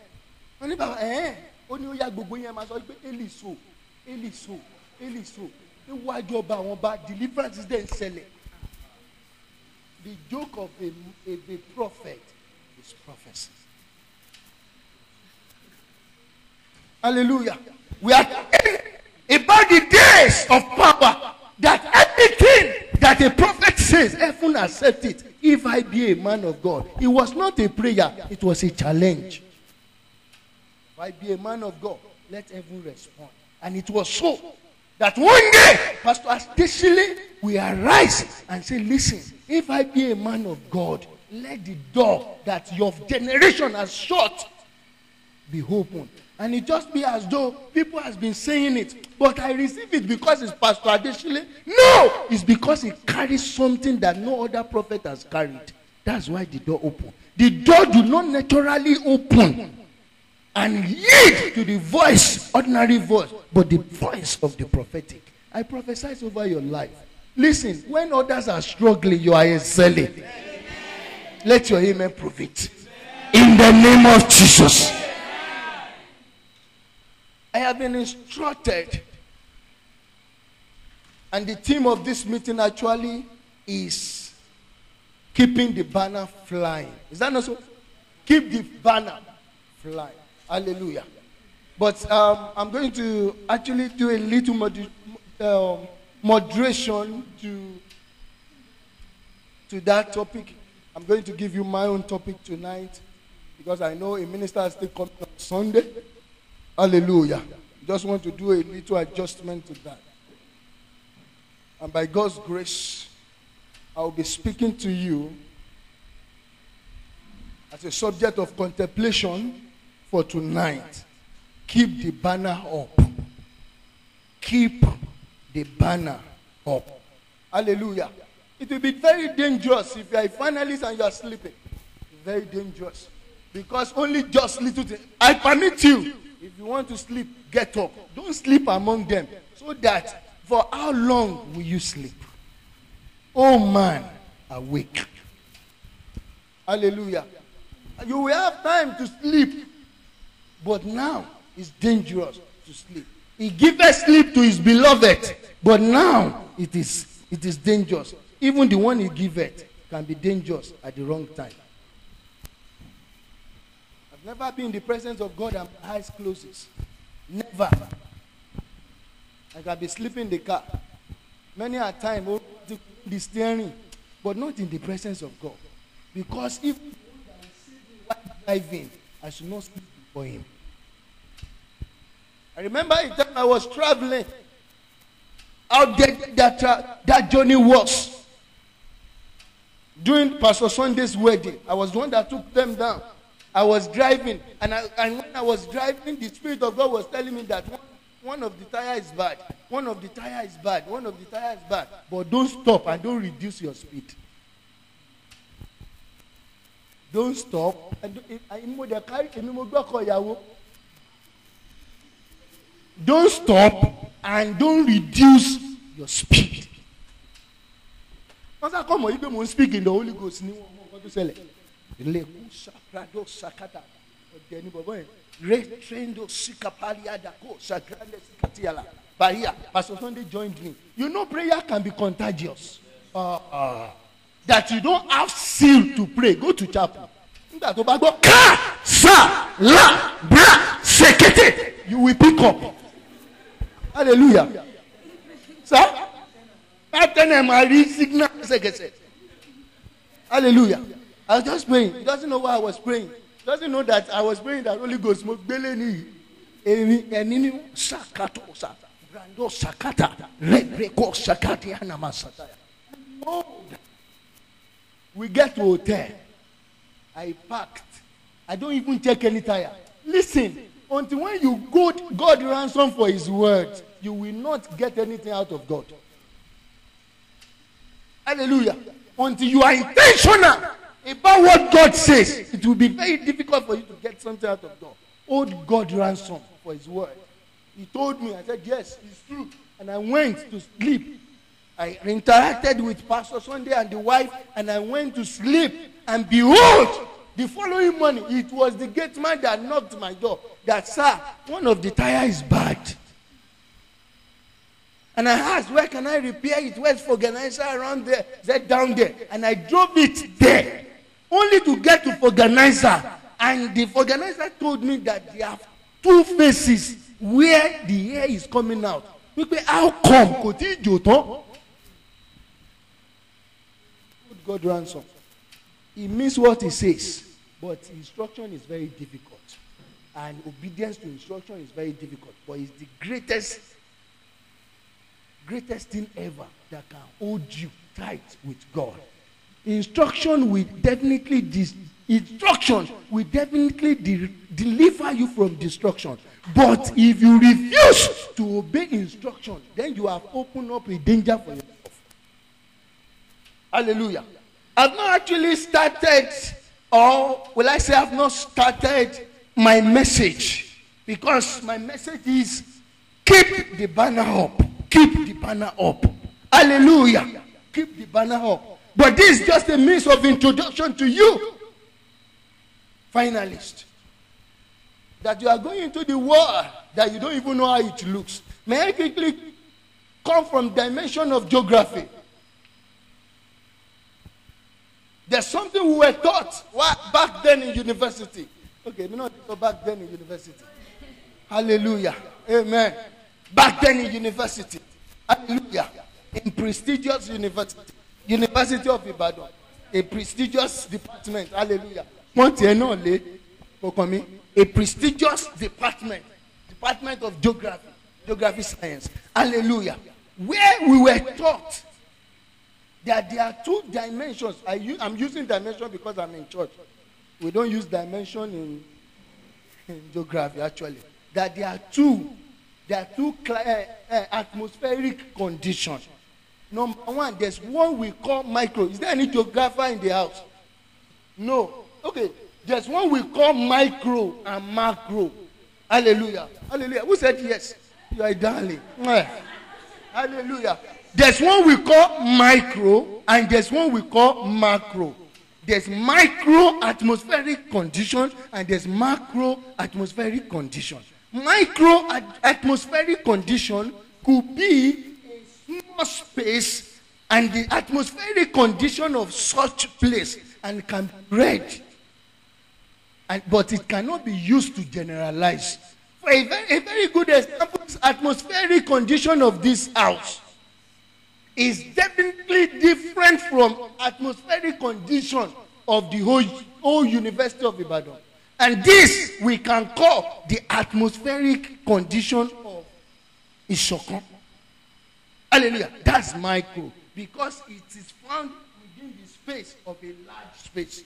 [SPEAKER 1] wọ́n ní bàbá ẹ̀ ó ní ó yá gbogbo yẹn máa sọ pé eliso eliso eliso níwájú ọba àwọn ọba deliverance is then ṣẹlẹ̀ the joke of a, a, a prophet is prophecy. Hallelujah. We are about the days of power that anything that a prophet says, everyone eh, accept it. If I be a man of God, it was not a prayer, it was a challenge. I be a man of God, let heaven respond. And it was so that one day, Pastor Ashtishili will arise and say, Listen, if I be a man of God, let the door that your generation has shut be opened. And it just be as though people has been saying it, but I receive it because it's Pastor Adeshile. No, it's because it carries something that no other prophet has carried. That's why the door open. The door do not naturally open and yield to the voice, ordinary voice, but the voice of the prophetic. I prophesy over your life. Listen, when others are struggling, you are excelling. Let your amen prove it. In the name of Jesus. I have been instructed, and the theme of this meeting actually is keeping the banner flying. Is that not so? Keep the banner flying. Hallelujah. But um, I'm going to actually do a little mod uh, um, moderation to, to that topic. I'm going to give you my own topic tonight because I know a minister is still coming on Sunday. Hallelujah. Just want to do a little adjustment to that. And by God's grace, I'll be speaking to you as a subject of contemplation for tonight, keep the banner up. Keep the banner up. Hallelujah. It will be very dangerous if you are a finalist and you are sleeping. Very dangerous. Because only just little things. I permit you. If you want to sleep, get up. Don't sleep among them. So that for how long will you sleep? Oh man, awake. Hallelujah. You will have time to sleep but now it's dangerous to sleep. He giveth sleep to his beloved, but now it is it is dangerous. Even the one he it can be dangerous at the wrong time. I've never been in the presence of God and my eyes closes. Never. I can be sleeping in the car. Many a time, oh, the, steering, but not in the presence of God. Because if I driving, I should not sleep before him. I remember a time I was traveling. How dead that, uh, that journey was. During Pastor Sunday's wedding, I was the one that took them down. I was driving, and, I, and when I was driving, the Spirit of God was telling me that one, one of the tire is bad, one of the tire is bad, one of the tire is bad. But don't stop and don't reduce your speed. Don't stop. And, and, and, don't stop and don't reduce your speed. wọ́n sá kọ́ mọ̀ yí pé mò ń speak in the holy ghost ní wọn ọmọ ọdún sẹlẹ̀ ilé kú sàkàdó sàkàdà ọ̀dẹ̀ ní bọ̀bọ̀ yẹn retrendo sikapaliada kó sàkàdé sikatiala baria pastor sunday joined me you know prayer can be contagious uh, uh, that you don't have seal to pray go to chapel nígbà tó bá gbọ́ ká sá la bra sekete you will pick up. Hallelujah. Sir? By I read signal. Hallelujah. I was just praying. He doesn't know why I was praying. He doesn't know that I was praying that Holy Ghost smoke beleni. Enini sakato sata. Brando sakata. Rebreko sakati anamasata. We get to hotel. I packed. I don't even check any tire. Listen. Until when you good God ransom for his word, you will not get anything out of God. Hallelujah. Until you are intentional about what God says, it will be very difficult for you to get something out of God. Hold God ransom for his word. He told me, I said, Yes, it's true. And I went to sleep. I interacted with Pastor Sunday and the wife, and I went to sleep. And behold, The following morning, it was the gate man that knocked my door. That sir, one of the tire is bad. And I asked, where can I repair it? Where's Foganizer around there? Said down there. And I drove it there, only to get to Foganizer. And the Foganizer told me that they have two faces where the air is coming out. Wípé how come kò tí ì jò tán? Good God ransom. He means what he says, but instruction is very difficult. And obedience to instruction is very difficult, but it's the greatest, greatest thing ever that can hold you tight with God. Instruction will definitely dis- instruction will definitely de- deliver you from destruction. But if you refuse to obey instruction, then you have opened up a danger for yourself. Hallelujah. I've not actually started, or will I say, I've not started my message because my message is keep the banner up, keep the banner up. Hallelujah. Keep the banner up. But this is just a means of introduction to you, finalist, that you are going into the world that you don't even know how it looks. May I quickly come from dimension of geography There's something we were taught back then in university. Okay, we know go back then in university. Hallelujah. Amen. Back then in university. Hallelujah. In prestigious university. University of Ibadan. A prestigious department. Hallelujah. Wọ́n tiẹ̀ náà lé kọ̀ọ̀kan A prestigious department. Department of Geography. Geography Science. Hallelujah. Where we were taught That there are two dimensions. I use, I'm using dimension because I'm in church. We don't use dimension in, in geography, actually. That there are two, there are two uh, uh, atmospheric conditions. Number one, there's one we call micro. Is there any geographer in the house? No. Okay. There's one we call micro and macro. Hallelujah. Hallelujah. Who said yes? You are darling. Eh. Hallelujah. There's one we call micro, and there's one we call macro. There's micro atmospheric conditions, and there's macro atmospheric conditions. Micro at atmospheric condition could be a small space, and the atmospheric condition of such place and can be read. And, but it cannot be used to generalize. For a very, a very good example is atmospheric condition of this house. is definitely different from atmospheric condition of the whole, whole University of Ibadan. And this we can call the atmospheric condition of Ishokan. Hallelujah. That's micro because it is found within the space of a large space.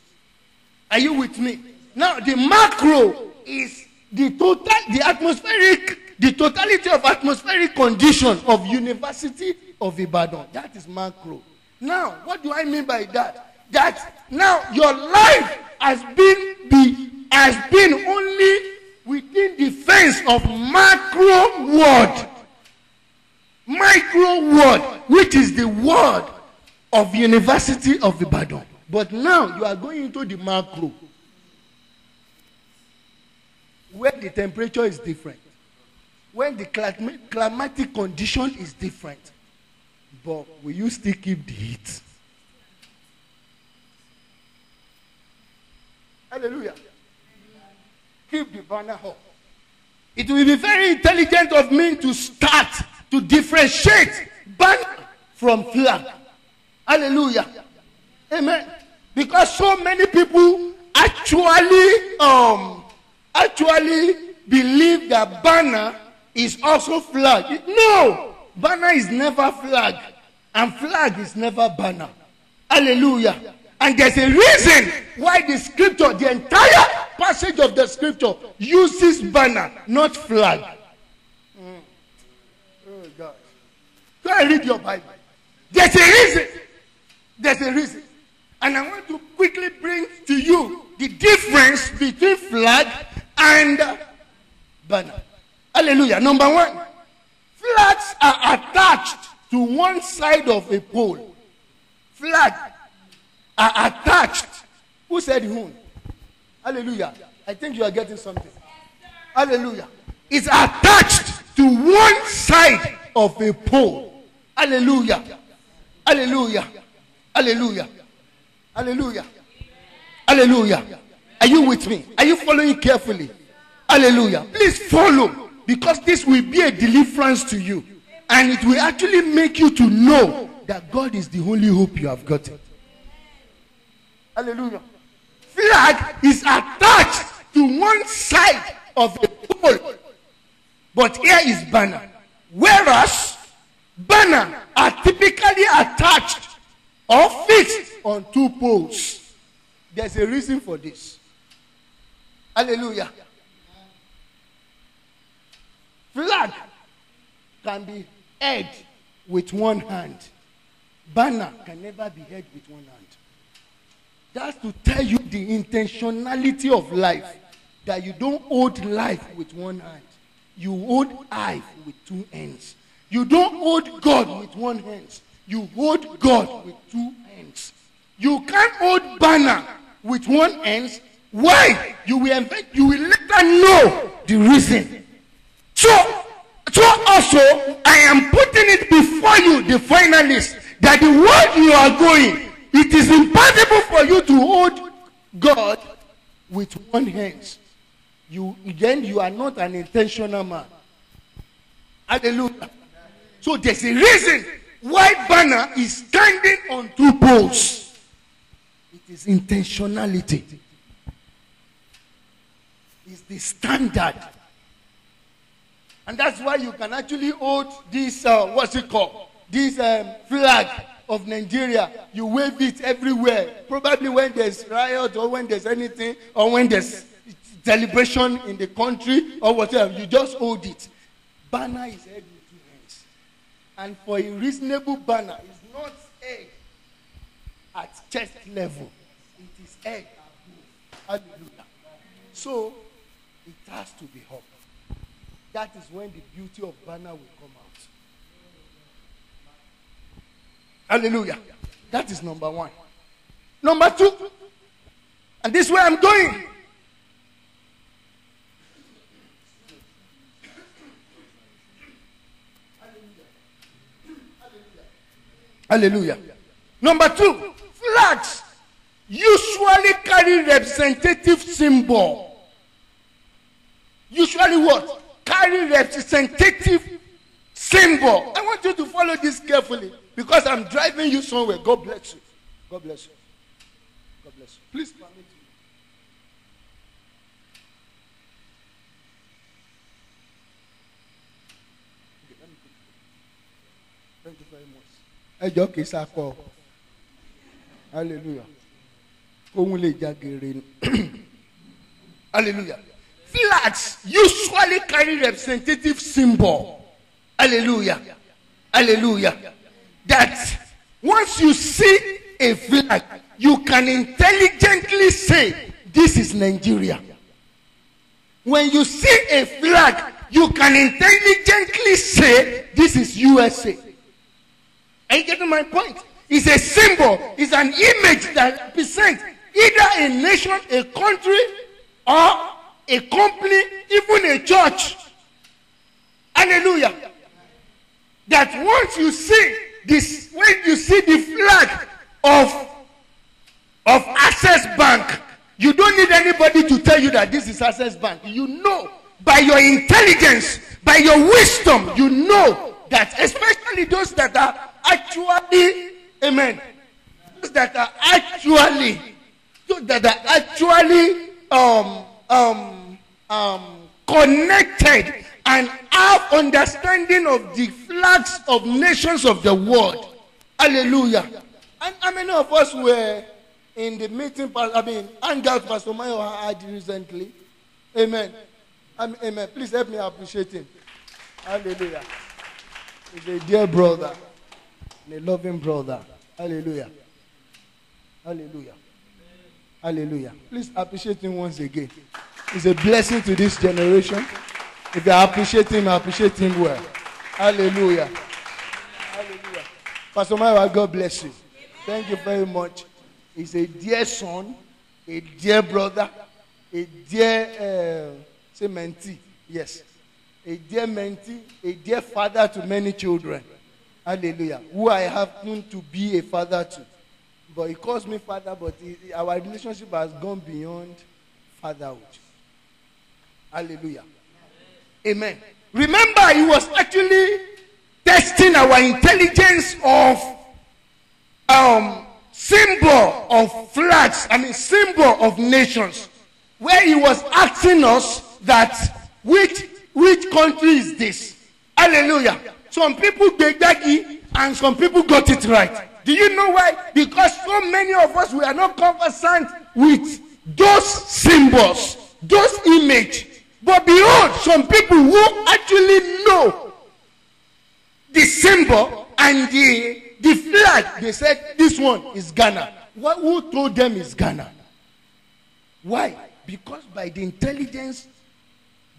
[SPEAKER 1] Are you with me? Now, the macro is the total the atmospheric the totality of atmospheric condition of university of ibadan that is macro now what do i mean by that that now your life has been be has been only within the fence of macro world micro world which is the world of university of ibadan but now you are going into the macro where the temperature is different, when the climatic condition is different, but will you still keep the heat? Hallelujah. Keep the burner hot. It will be very intelligent of me to start to differentiate burner from flag. Hallelujah. Amen. Because so many people actually um, actually believe that banner is also flag. No! Banner is never flag. And flag is never banner. Hallelujah. And there's a reason why the scripture, the entire passage of the scripture, uses banner, not flag. Oh, God. Go and read your Bible. There's a reason. There's a reason. And I want to quickly bring to you the difference between flag and banner. Hallelujah. Number one, flags are attached to one side of a pole. Flags are attached. Who said whom? Hallelujah. I think you are getting something. Hallelujah. It's attached to one side of a pole. Hallelujah. Hallelujah. Hallelujah. Hallelujah. Hallelujah. Are you with me? Are you following carefully? Hallelujah. Please follow because this will be a deliverance to you. And it will actually make you to know that God is the only hope you have gotten. Hallelujah. Flag is attached to one side of a pole. But here is banner. Whereas banner are typically attached or fixed on two poles. There's a reason for this. Hallelujah. Flag can be held with one hand. Banner can never be held with one hand. That's to tell you the intentionality of life. That you don't hold life with one hand. You hold life with two hands. You don't hold God with one hand. You hold God with two hands. You can't hold banner with one hand why? You will invent, you will know the reason. So, so also, I am putting it before you, the finalists, that the world you are going, it is impossible for you to hold God with one hand. You then you are not an intentional man. Hallelujah. So there's a reason why Banner is standing on two poles. It is intentionality. is the standard. And that's why you can actually hold this, uh, what's it called? This um, flag of Nigeria. You wave it everywhere. Probably when there's riot or when there's anything or when there's celebration in the country or whatever. You just hold it. Banner is held with two hands. And for a reasonable banner, it's not held at chest level, it is held above. Hallelujah. So, It has to be up. That is when the beauty of banner will come out. Hallelujah. That is number one. Number two, and this way I'm going. Hallelujah. Number two, flags usually carry representative symbol. usually what carry representative symbol. I want you to follow this carefully because I'm driving you somewhere. God bless you. God bless you. God bless you. Please permit me. Thank you very much. Ẹ jọ kì í sakọ. Hallelujah. Kóhun lè jagere ni. Hallelujah flags usually carry representative symbol. Hallelujah. Hallelujah. That once you see a flag, you can intelligently say, This is Nigeria. When you see a flag, you can intelligently say, This is USA. Are you getting my point? It's a symbol, it's an image that represents either a nation, a country, or a company, even a church. Hallelujah. That once you see this, when you see the flag of, of Access Bank, you don't need anybody to tell you that this is Access Bank. You know by your intelligence, by your wisdom, you know that, especially those that are actually, amen, those that are actually, those that are actually, um, um, um, connected and have understanding of the flags of nations of the world. Hallelujah. And how many of us were in the meeting, I mean, hangout Pastor Mayo had recently? Amen. amen. Amen. Please help me appreciate him. Hallelujah. He's a dear brother, a loving brother. Hallelujah. Hallelujah. Hallelujah. Please appreciate him once again. It's a blessing to this generation. If you appreciate him, appreciate him well. Hallelujah. Hallelujah. Pastor Maiwa, God bless you. Thank you very much. He's a dear son, a dear brother, a dear uh, say mentee. Yes. A dear mentee, a dear father to many children. Hallelujah. Who I have known to be a father to. but he calls me father, but he, our relationship has gone beyond fatherhood. Hallelujah. Amen. Amen. Remember, he was actually testing our intelligence of um, symbol of flags, I mean, symbol of nations, where he was asking us that which, which country is this? Hallelujah. Some people get baggy and some people got it right. Do you know why? Because so many of us we are not conversant with those symbols, those images. But behold, some people who actually know the symbol and the the flag, they said this one is Ghana. What, who told them is Ghana? Why? Because by the intelligence,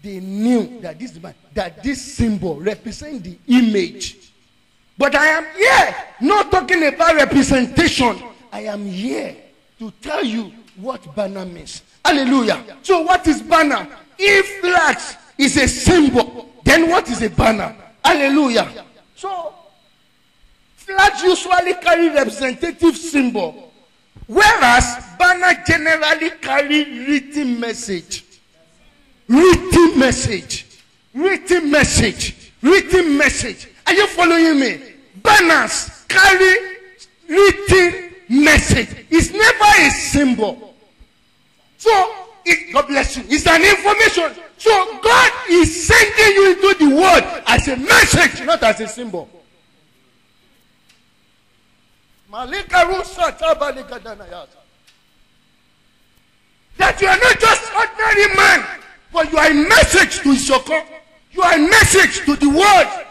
[SPEAKER 1] they knew that this man, that this symbol represents the image But I am here, not talking about representation. I am here to tell you what banner means. Hallelujah. So, what is banner? If flags is a symbol, then what is a banner? Hallelujah. So, flags usually carry representative symbol, whereas banner generally carry written message. Written message. Written message. Written message. Are you following me? banners carry written message it's never a symbol so it, God bless you it's an information so God is sending you into the world as a message not as a symbol. That you are not just ordinary man, but you are a message to Isoko. You are a message to the world.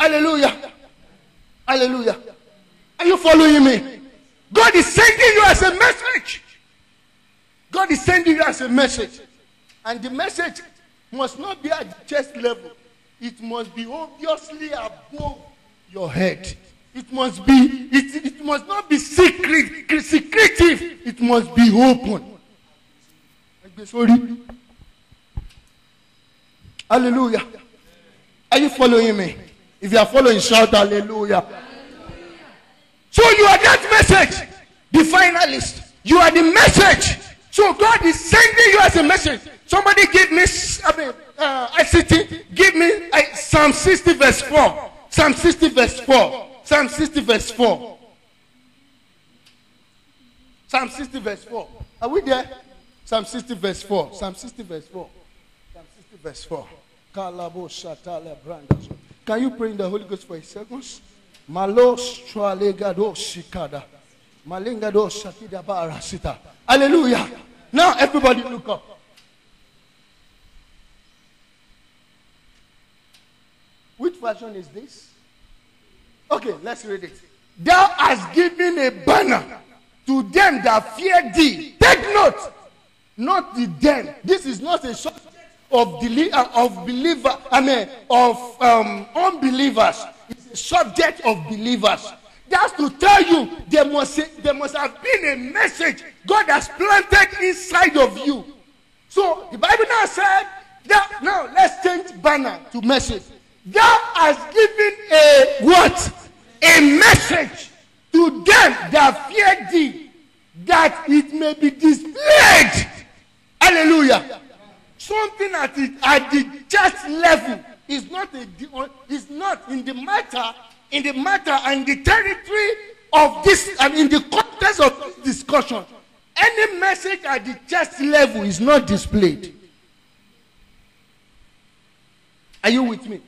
[SPEAKER 1] Hallelujah. Hallelujah. Are you following me? God is sending you as a message. God is sending you as a message. And the message must not be at chest level. It must be obviously above your head. It must be, it, it must not be secret, secretive. It must be open. Sorry. Hallelujah. Are you following me? If you are following, shout hallelujah. So you are that message, the finalist. You are the message. So God is sending you as a message. Somebody give me, I mean, uh, ICT, give me uh, Psalm 60 verse 4. Psalm 60 verse 4. Psalm 60 verse 4. Psalm 60 verse 4. Are we there? Psalm 60 verse 4. Psalm 60 verse 4. Psalm 60 verse 4. Can you pray in the Holy Ghost for a second? Malos Chualegado Sikada. Malingado Satida Barasita. Hallelujah. Now everybody look up. Which version is this? Okay, let's read it. Thou hast given a banner to them that fear thee. Take note, not the them. This is not a short of, deli- uh, of believer, I mean, of um, unbelievers is a subject of believers. Just to tell you there must, there must have been a message God has planted inside of you. So the Bible now said, that, now let's change banner to message. God has given a what? A message to them that fear thee, that it may be displayed. Hallelujah. something at the, at the church level is not, a, uh, is not in the matter, in the matter and the territory of this, and in the context of this discussion. Any message at the just level is not displayed. Are you with me?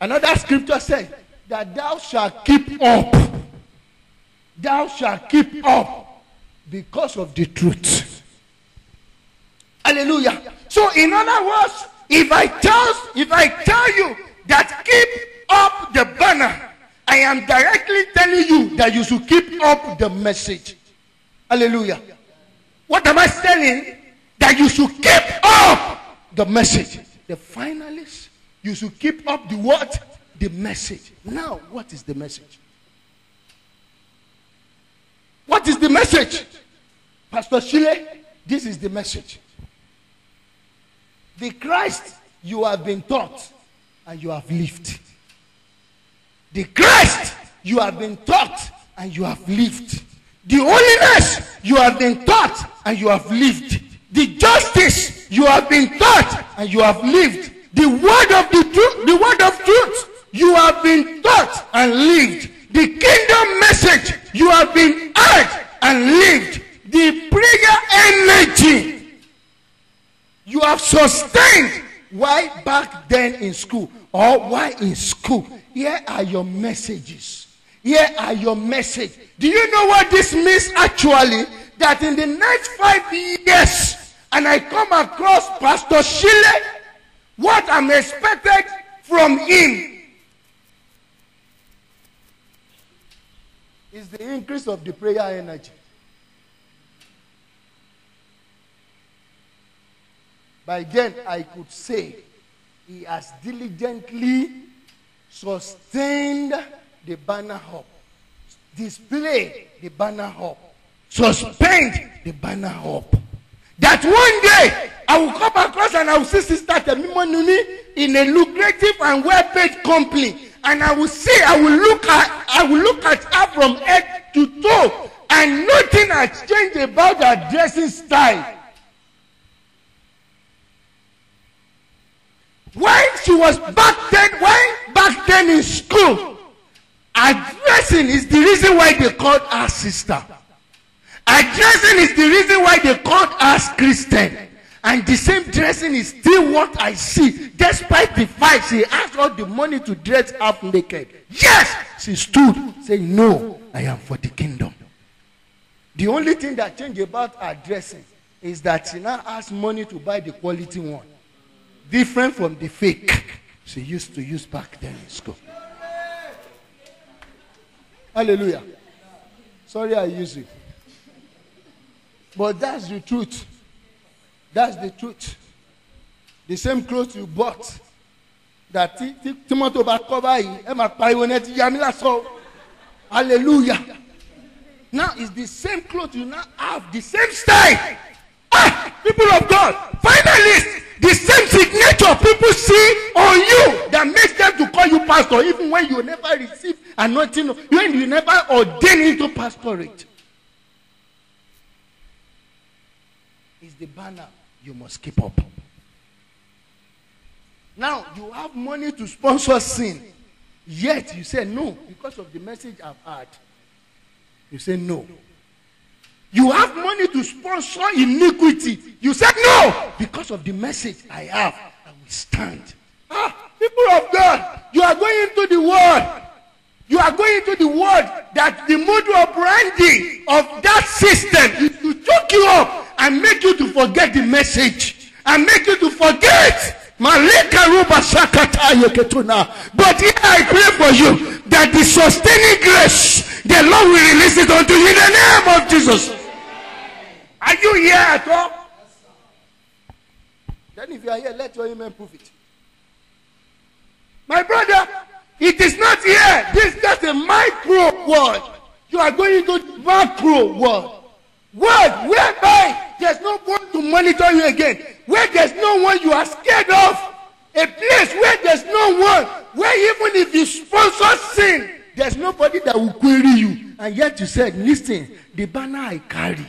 [SPEAKER 1] Another scripture says that thou shalt keep up. Thou shalt keep up because of the truth. Hallelujah. So, in other words, if I tell, if I tell you that keep up the banner, I am directly telling you that you should keep up the message. Hallelujah. What am I saying? That you should keep up the message. The finalists, you should keep up the what? The message. Now, what is the message? What is the message? Pastor Chile, this is the message. The Christ you have been taught and you have lived. The Christ you have been taught and you have lived. The holiness you have been taught and you have lived. The justice you have been taught and you have lived. The word of the truth, the word of truth you have been taught and lived. The kingdom message you have been heard and lived. The prayer energy you have sustained why back then in school or why in school. Here are your messages. Here are your message. Do you know what this means actually? That in the next five years, and I come across Pastor Shile, what I'm expected from him is the increase of the prayer energy. By then, I could say, He has diligently sustained the banner up, displayed the banner up, suspend the banner up. That one day I will come across and I will see Sister Temimonumi in a lucrative and well-paid company, and I will see, I will look at, I will look at her from head to toe, and nothing has changed about her dressing style. When she was back then, when back then in school, addressing is the reason why they called her sister. Addressing is the reason why they called us Christian. And the same dressing is still what I see, despite the fact she asked all the money to dress half naked. Yes, she stood saying, No, I am for the kingdom. The only thing that changed about her dressing is that she now asked money to buy the quality one. different from the fake she used to use back then in school. Hallelujah. Sorry I use it. But that's the truth. That's the truth. The same clothes you bought that tí mọ́tò bá kọ́ báyìí ẹ máa pariwo náà ti yá Hallelujah. Now it's the same clothes you now have, the same style. Why? Ah, people of God, finally, the same signature people see on you that makes them to call you pastor, even when you never receive anointing, when you never ordain into pastorate. is the banner you must keep up. Now you have money to sponsor sin, yet you say no because of the message I've had. You say no. You have money to sponsor iniquity. You said no because of the message I have. I will stand. Ah, people of God, you are going into the world. You are going into the world that the model branding of that system is to choke you up and make you to forget the message and make you to forget. But here I pray for you that the sustaining grace the Lord will release it unto you in the name of Jesus. Are you here at all? Yes, then, if you are here, let your amen prove it. My brother, it is not here. This is just a micro world. You are going into macro world. World whereby there's no one to monitor you again. Where there's no one you are scared of. A place where there's no one. Where even if you sponsor sin, there's nobody that will query you. And yet you said, listen, the banner I carry.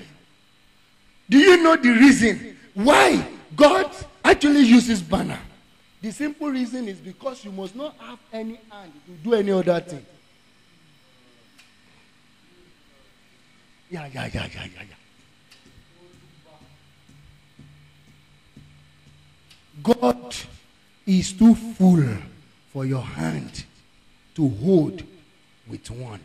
[SPEAKER 1] Do you know the reason why God actually uses banner? The simple reason is because you must not have any hand to do any other thing. Yeah, yeah, yeah, yeah, yeah, yeah. God is too full for your hand to hold with one.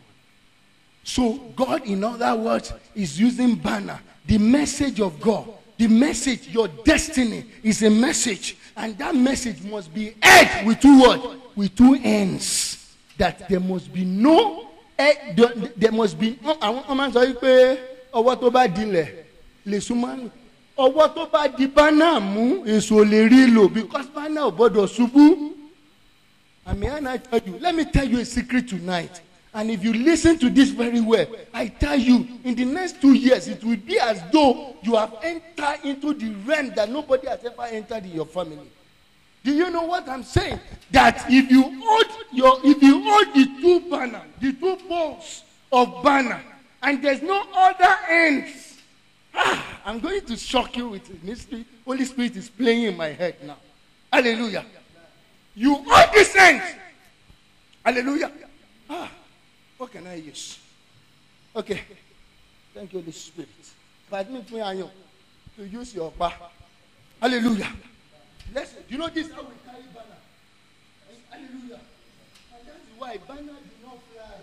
[SPEAKER 1] So God, in other words, is using banner The message of God, the message, your destiny is a message. And that message must be heard with two words, with two ends. That there must be no, eh, there must be, àwọn ọmọ sọ wípé ọwọ́ tó bá dilẹ̀ lè súnmọ́ ọwọ́ tó bá di bánà mú èso lè rí lò because bánà ò gbọ́dọ̀ ṣubú. àmì àná tell let me tell you a secret tonight. And if you listen to this very well, I tell you, in the next two years, it will be as though you have entered into the realm that nobody has ever entered in your family. Do you know what I'm saying? That if you hold your, if you hold the two banner, the two poles of banner, and there's no other ends, ah, I'm going to shock you with mystery. Holy Spirit is playing in my head now. Hallelujah. You hold this end. Hallelujah. Ah. What can I use? Okay. Thank you, the Spirit. Permit me and you to use your power. Hallelujah. Listen, you know this how we carry banner. Hallelujah. And that's why banner do not fly.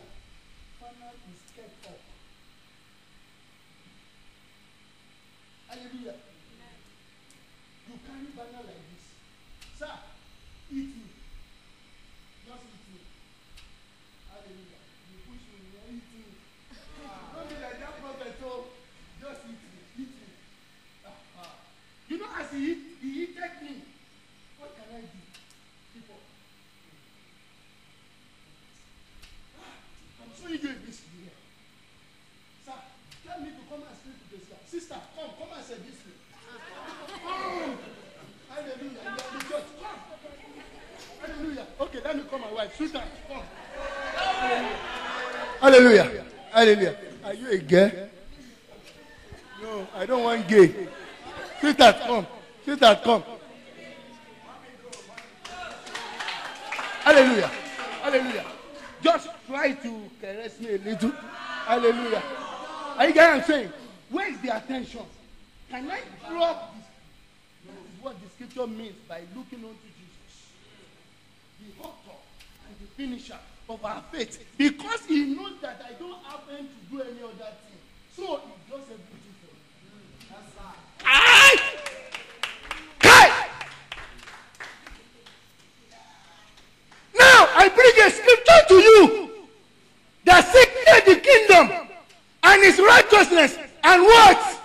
[SPEAKER 1] Banner is kept up. Hallelujah. become my wife. Sweetheart, come. Hallelujah. Hallelujah. Are you a girl? No, I don't want gay. Sweetheart, come. Sweetheart, come. Hallelujah. Hallelujah. Just try to caress me a little. Hallelujah. Are you getting what I'm saying? Where is the attention? Can I drop this? is what the scripture means by looking unto Jesus. The finisher of our faith because he knows that I don't have time to do any other thing. So he does everything for me. That's right. Kai! Now I bring a scripture to you that seeketh the kingdom and his righteousness and what?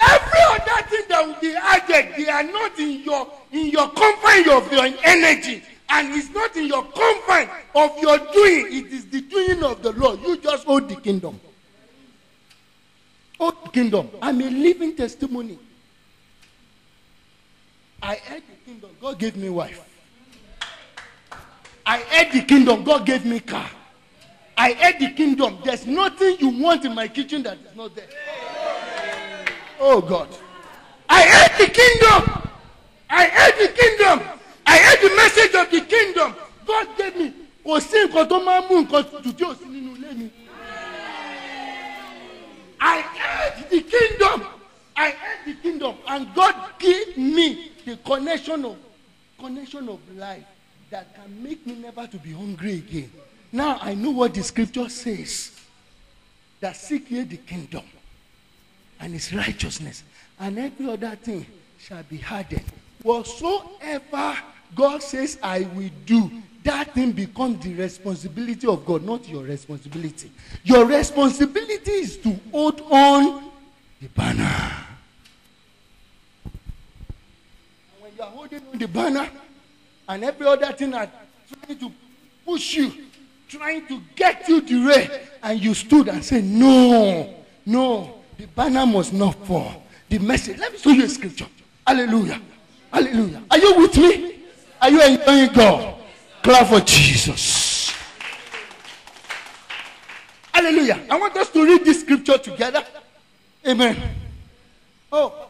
[SPEAKER 1] Every other thing that will be added, they are not in your in your comfort of your energy. and it's not in your confine of your doing. It is the doing of the Lord. You just hold the kingdom. Hold the kingdom. I'm a living testimony. I heard the kingdom. God gave me wife. I heard the kingdom. God gave me car. I heard the kingdom. There's nothing you want in my kitchen that is not there. Oh God. I heard the kingdom. I heard the kingdom. I heard the message of the kingdom. God gave me. Kò sí nǹkan tó máa ń mú nǹkan tutù tí nínú ilé mi. I heard the kingdom. I heard the kingdom and God gave me the connection of connection of life that can make me never to be hungry again. Now I know what the scripture says. That seek ye the kingdom and its righteousness and every other thing shall be added. Whatsoever God says, I will do. That thing becomes the responsibility of God, not your responsibility. Your responsibility is to hold on the banner. And when you are holding on the banner, and every other thing are trying to push you, trying to get you derailed, and you stood and said, No, no, the banner must not fall. The message. Let me show you a scripture. Hallelujah. Hallelujah. Are you with me? Are you enjoying God? Clap for Jesus. Hallelujah. I want us to read this scripture together. Amen. Oh.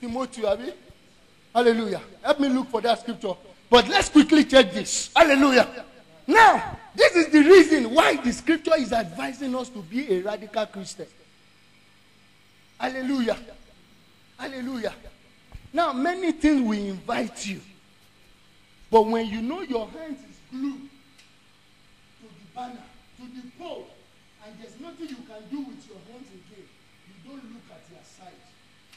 [SPEAKER 1] Timothy, Hallelujah. Help me look for that scripture. But let's quickly check this. Hallelujah. Now, this is the reason why the scripture is advising us to be a radical Christian. Hallelujah. Hallelujah. Now, many things will invite you. But when you know your hand is glued to the banner, to the pole, and there's nothing you can do with your hands again, you don't look at your side.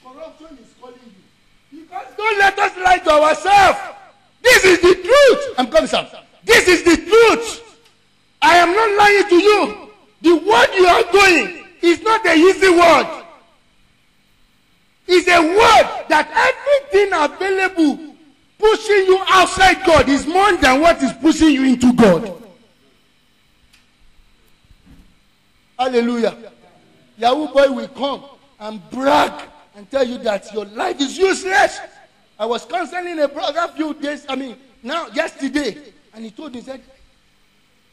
[SPEAKER 1] Corruption is calling you. Because don't let us lie to ourselves. This is the truth. I'm coming, sir. This is the truth. I am not lying to you. The word you are doing is not an easy word. It's a word that everything available pushing you outside God is more than what is pushing you into God. Hallelujah. Yahoo boy will come and brag and tell you that your life is useless. I was counseling a brother a few days, I mean, now, yesterday, And he told him, he said,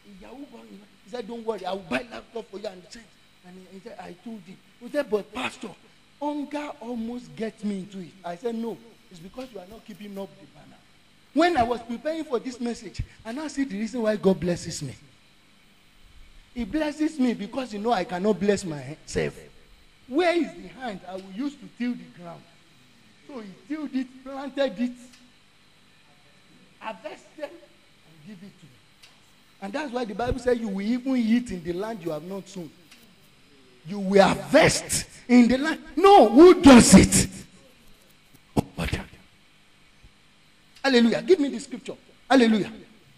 [SPEAKER 1] he said, don't worry, I will buy laptop for you and change. And he, said, I told him. He said, but pastor, hunger almost gets me into it. I said, no, it's because you are not keeping up the banner. When I was preparing for this message, I I see the reason why God blesses me. He blesses me because you know I cannot bless myself. Where is the hand I will use to till the ground? So he tilled it, planted it, harvested give it to And that's why the Bible says you will even eat in the land you have not sown. You will harvest in the land. No, who does it? God. Hallelujah. Give me the scripture. Hallelujah.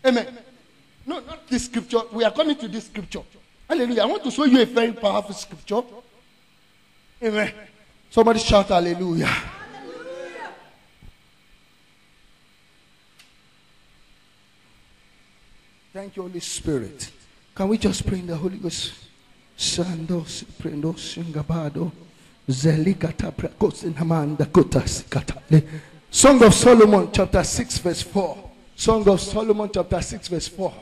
[SPEAKER 1] Amen. No, not this scripture. We are coming to this scripture. Hallelujah. I want to show you a very powerful scripture. Amen. Somebody shout hallelujah. Thank you, Holy Spirit. Can we just pray in the Holy Ghost? Sandos, Prendos, Zelikata, Prakos, Katale. Song of Solomon, chapter 6, verse 4. Song of Solomon, chapter 6, verse 4.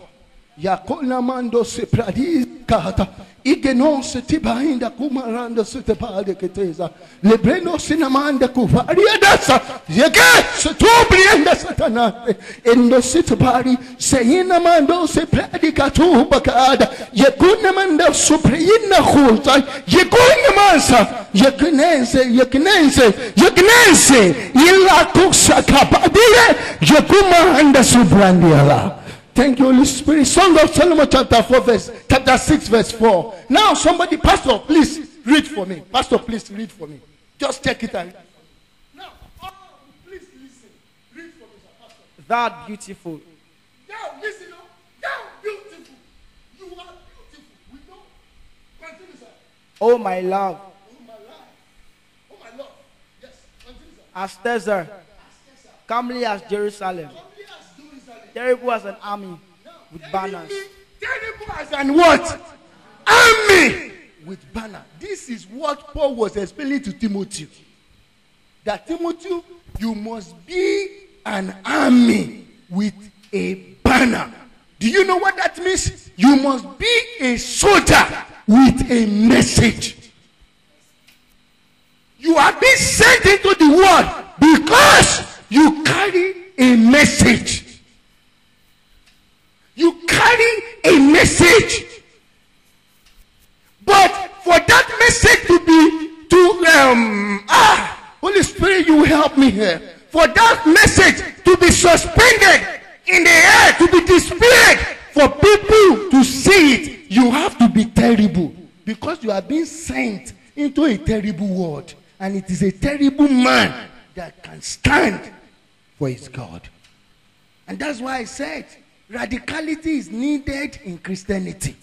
[SPEAKER 1] igenose tibainda kumaranda sutepade keteza lebreno sinamanda kuvariadasa yegese tubrienda satanate endo sitbari seinamando se predika tubakada yekunamanda supreyina khuza yekunamasa yekunense yekunense yekunense ilakusakabadile yekumanda subrandiala Thank you, Holy Spirit. Song of Solomon, chapter 4, verse, chapter 6, verse 4. Now, somebody, Pastor, please read for me. Pastor, please read for me. Just check it out. Now, oh, please listen. Read for me, Pastor. That beautiful. Now, listen, now, oh. beautiful. You are beautiful. We know. Continue, sir. Oh, my love. Oh, my love. Oh, my love. Yes, continue, sir. As Tezer. Calmly as Jerusalem. Come there was an army with banners. There was an what? Army with banner. This is what Paul was explaining to Timothy. That Timothy, you must be an army with a banner. Do you know what that means? You must be a soldier with a message. You have been sent into the world because you carry a message. you carry a message but for that message to be to um, ah Holy Spirit you help me here for that message to be suspended in the air to be displayed for people to see it you have to be terrible because you are being sent into a terrible world and it is a terrible man that can stand for his God and that's why I said radicality is needed in Christianity.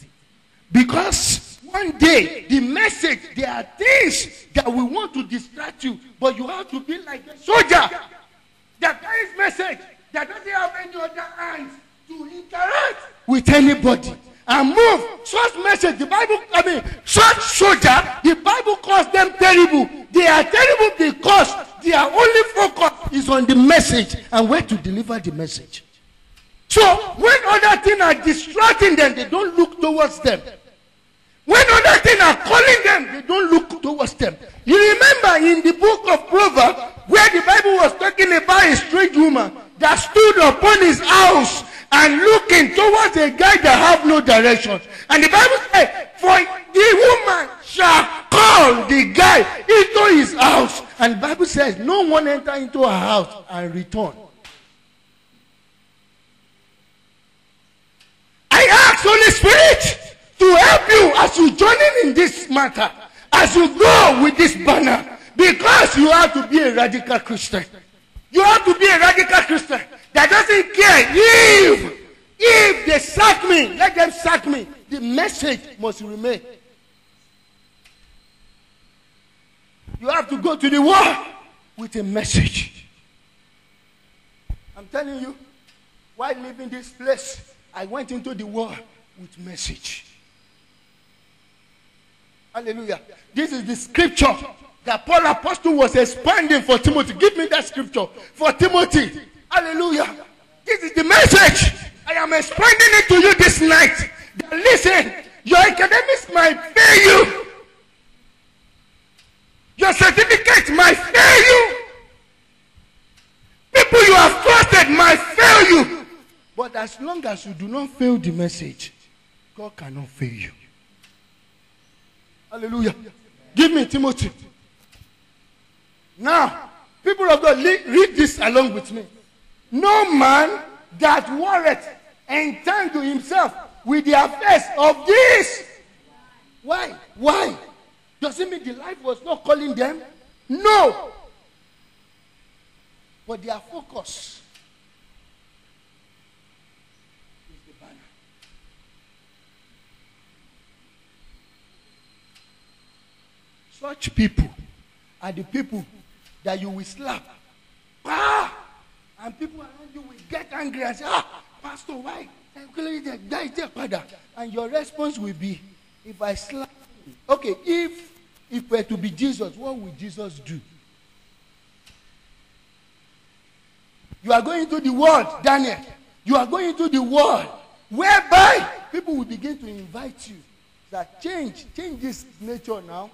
[SPEAKER 1] Because one day, the message, there are things that we want to distract you, but you have to be like a soldier that carries message that doesn't have any other hands to interact with anybody and move. Such message, the Bible, I mean, such soldier, the Bible calls them terrible. They are terrible because their only focus is on the message and where to deliver the message. So when other things are distracting them, they don't look towards them. When other things are calling them, they don't look towards them. You remember in the book of Proverbs, where the Bible was talking about a strange woman that stood upon his house and looking towards a guy that have no direction. And the Bible said, for the woman shall call the guy into his house. And the Bible says, no one enter into her house and return. I ask Holy Spirit to help you as you join in, in this matter, as you go with this banner, because you have to be a radical Christian. You have to be a radical Christian that doesn't care if if they sack me, let them sack me. The message must remain. You have to go to the war with a message. I'm telling you, why leaving this place? I went into the war with message. Hallelujah. This is the scripture that Paul Apostle was expanding for Timothy. Give me that scripture for Timothy. Hallelujah. This is the message. I am expanding it to you this night. listen, your academics might fail you. Your certificate might fail you. People you have trusted might fail you. But as long as you do not fail the message, God cannot fail you. Hallelujah. Give me Timothy. Now, people of God, read this along with me. No man that warreth entangle himself with the affairs of this. Why? Why? Doesn't mean the life was not calling them? No. But their focus Such people are the people that you will slap. Ah! And people around you will get angry and say, ah, Pastor, why? And your response will be, if I slap you. Okay, if it were to be Jesus, what would Jesus do? You are going to the world, Daniel. You are going to the world whereby people will begin to invite you that change, change this nature now.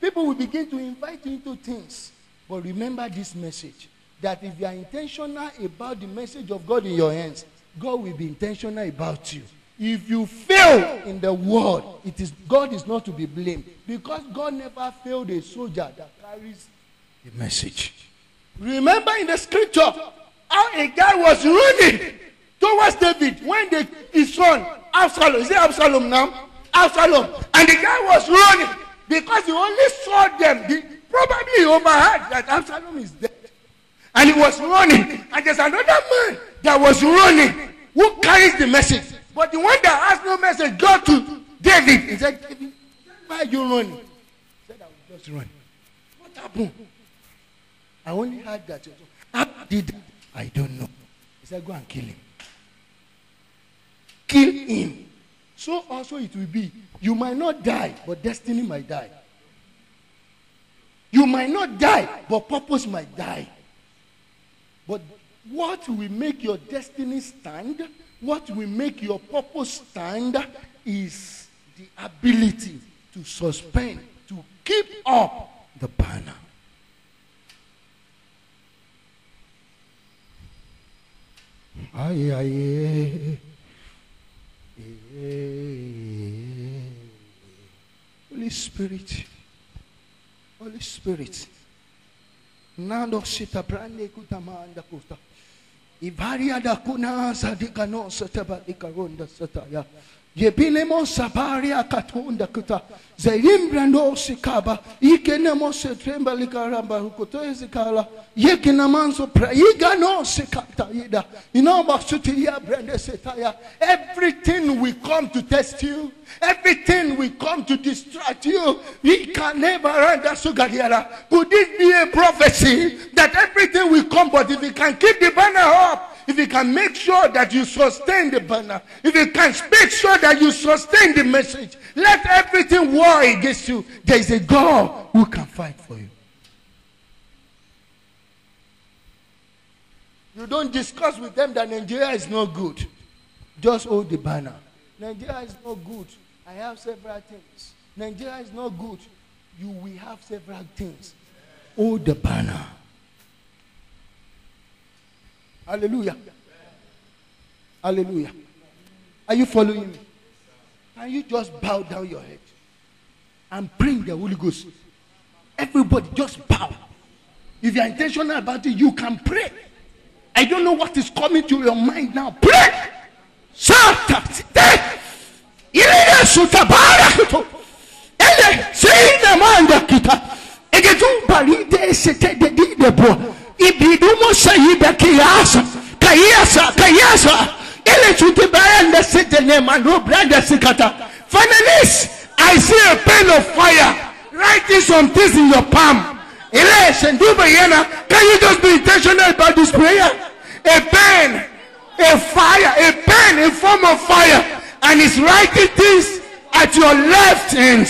[SPEAKER 1] People will begin to invite you into things. But remember this message that if you are intentional about the message of God in your hands, God will be intentional about you. If you fail in the world, it is God is not to be blamed because God never failed a soldier that carries the message. Remember in the scripture how a guy was running towards David when the, his son Absalom is it Absalom now? Absalom, and the guy was running because he only saw them. He, probably overheard that Absalom is dead. And he was running. And there's another man that was running who carries the message. But the one that has no message, go to David. He said, David, why are you running? He said, I was just running. What happened? I only heard that. How did I don't know. He said, go and kill him. Kill him so also it will be. You might not die, but destiny might die. You might not die, but purpose might die. But what will make your destiny stand, what will make your purpose stand, is the ability to suspend, to keep up the banner. Aye, aye. Holy Spirit, Holy Spirit. Nando sita brande kutamanda kuta. Ibaria da kuna sadika no sataba ikaronda sataya. Yeah. Yebilemo sabaria katonda kuta. Zerimbrandos sikaba. Ikenemo setremba likaramba hukuto ezikala. Yekina manso pra. no sekata ida. Inoba sutiria brande setaya. Everything will come to test you. Everything will come to distract you. We can never render sugariara. Could it be a prophecy that everything will come but if we can keep the banner up if you can make sure that you sustain the banner, if you can make sure that you sustain the message, let everything war against you. There is a God who can fight for you. You don't discuss with them that Nigeria is not good. Just hold the banner. Nigeria is not good. I have several things. Nigeria is not good. You will have several things. Hold the banner. Hallelujah. Hallelujah. Are you following me? Can you just bow down your head and bring the Holy Ghost? Everybody, just bow. If you are intentional about it, you can pray. I don't know what is coming to your mind now. Pray. kita. de ibidumu sayi da kiyasa kayasa kayasa ile tuti bayan da sita ne ma no brother sikata finalist i see a pain of fire writing some things in your palm ile senduba yana can you just be intentional about this prayer a pain a fire a pain a form of fire and it's writing things at your left hand,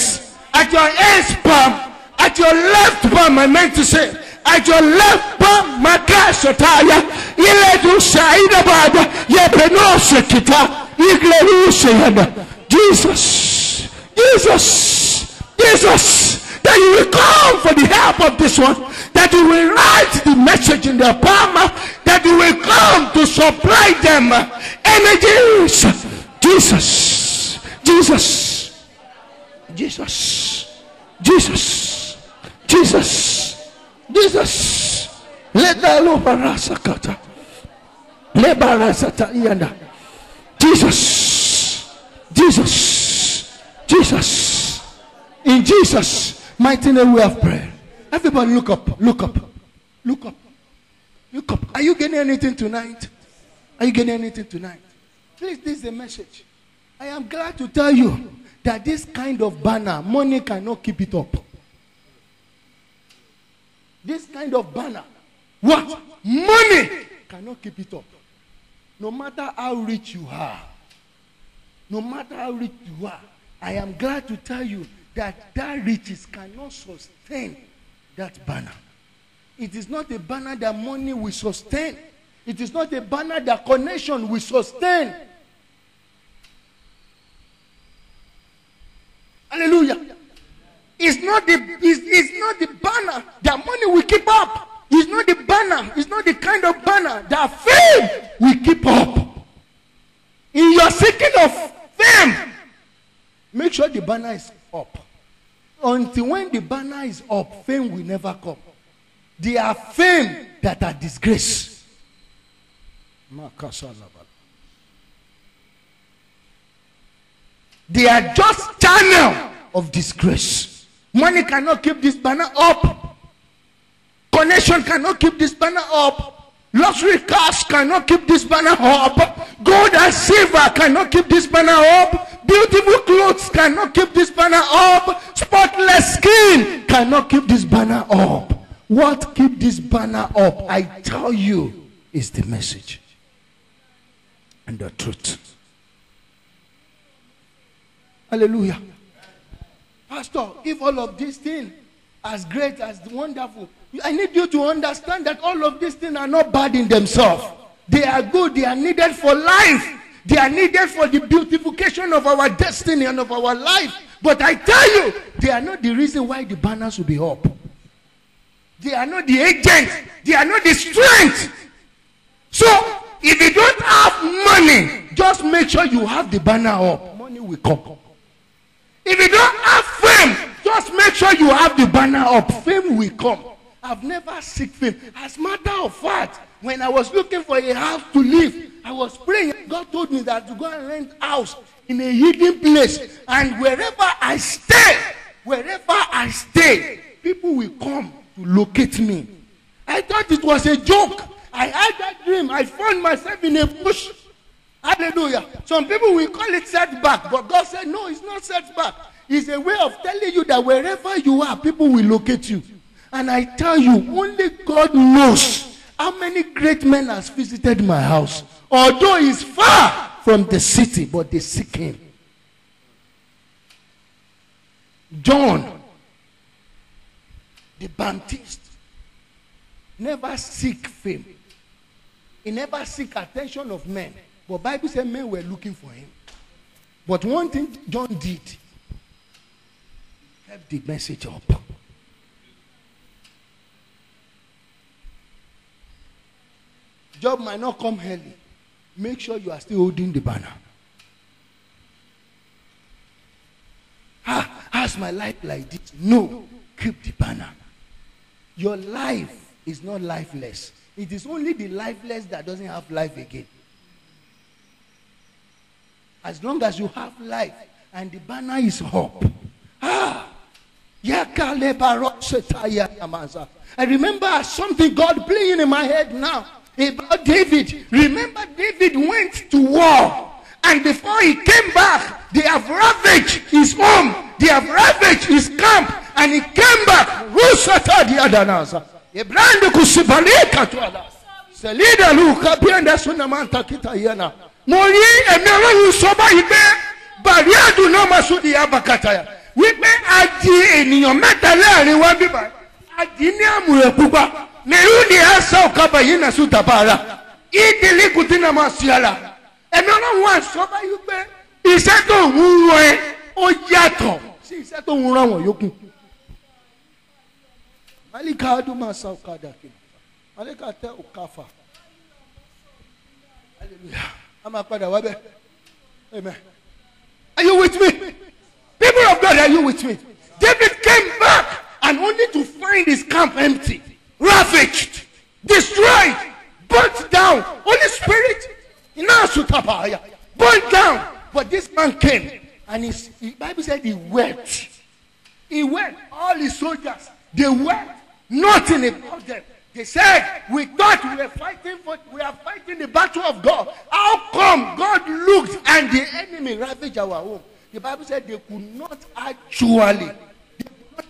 [SPEAKER 1] at your hands palm at your left palm i meant to say ajoleba magasotaya iledusaidabada yebenosekita igleruseyana jesus jesus jesus that you will come for the help of this one that you will write the message in their palm that you will come to supply them energies jesus jesus jesus jesus jesus Jesus. let Jesus. Jesus. Jesus. In Jesus' mighty name we have prayer. Everybody look up. Look up. Look up. Look up. Are you getting anything tonight? Are you getting anything tonight? Please, this is a message. I am glad to tell you that this kind of banner, money cannot keep it up. This kind of banner, what? Money cannot keep it up. No matter how rich you are, no matter how rich you are, I am glad to tell you that that riches cannot sustain that banner. It is not a banner that money will sustain. It is not a banner that connection will sustain. Hallelujah. It's not the it's, it's not the banner that money will keep up. It's not the banner. It's not the kind of banner that fame will keep up. In your seeking of fame, make sure the banner is up. Until when the banner is up, fame will never come. They are fame that are disgrace. They are just channel of disgrace. Money cannot keep this banner up. Connection cannot keep this banner up. Luxury cars cannot keep this banner up. Gold and silver cannot keep this banner up. Beautiful clothes cannot keep this banner up. Spotless skin cannot keep this banner up. What keep this banner up? I tell you is the message and the truth. Hallelujah. Pastor, if all of these things, as great as wonderful, I need you to understand that all of these things are not bad in themselves. They are good, they are needed for life. They are needed for the beautification of our destiny and of our life. But I tell you, they are not the reason why the banners will be up. They are not the agents. They are not the strength. So, if you don't have money, just make sure you have the banner up. Money will come. If you don't have fame, just make sure you have the banner up. Fame will come. I've never seek fame. As matter of fact, when I was looking for a house to live, I was praying. God told me that to go and rent house in a hidden place. And wherever I stay, wherever I stay, people will come to locate me. I thought it was a joke. I had that dream. I found myself in a bush. Hallelujah. Some people will call it setback, but God said, no, it's not setback. It's a way of telling you that wherever you are, people will locate you. And I tell you, only God knows how many great men has visited my house. Although he's far from the city, but they seek him. John, the Baptist, never seek fame. He never seek attention of men. But Bible said men were looking for him. But one thing John did kept the message up. Job might not come early. Make sure you are still holding the banner. Ah, has my life like this? No, keep the banner. Your life is not lifeless. It is only the lifeless that doesn't have life again. As long as you have life and the banner is hope. Ah! I remember something God playing in my head now about David. Remember, David went to war, and before he came back, they have ravaged his home, they have ravaged his camp, and he came back. Ibrahim kusibalika tu ala. Selida luka bienda sunamanta kita yena. mo rí ẹ̀mí ọlọ́run sọ báyìí pé bàrí àdùn náà máa sún ìyá bàkàtà yà wípé a di ènìyàn mẹ́ta láàrin wá bíbá a di ní àmùrẹ̀ pupa mẹ́rù ni a sọ ọ̀kadà yìí nà sùn dàbà ara ìdílé kùtì náà máa sí ara ẹ̀mí ọlọ́run wà sọ báyìí pé iṣẹ́ tó ń rọ ẹ ó yàtọ̀ sí iṣẹ́ tó ń rọ àwọn yòókù. malika aduma sa ọ̀kadà kìlọ̀ malika tẹ ọ̀kafa hallelujah. a máa padà wá amen are you with me people of God are you with me David came back and only to find his camp empty ravaged destroyed burnt down Holy Spirit iná àsùtàpá àyà burnt down but this man came and his, Bible said he wept he wept all his soldiers they wept nothing about them. He said, We thought we were fighting for we are fighting the battle of God. How come God looked and the enemy ravaged our home? The Bible said they could not actually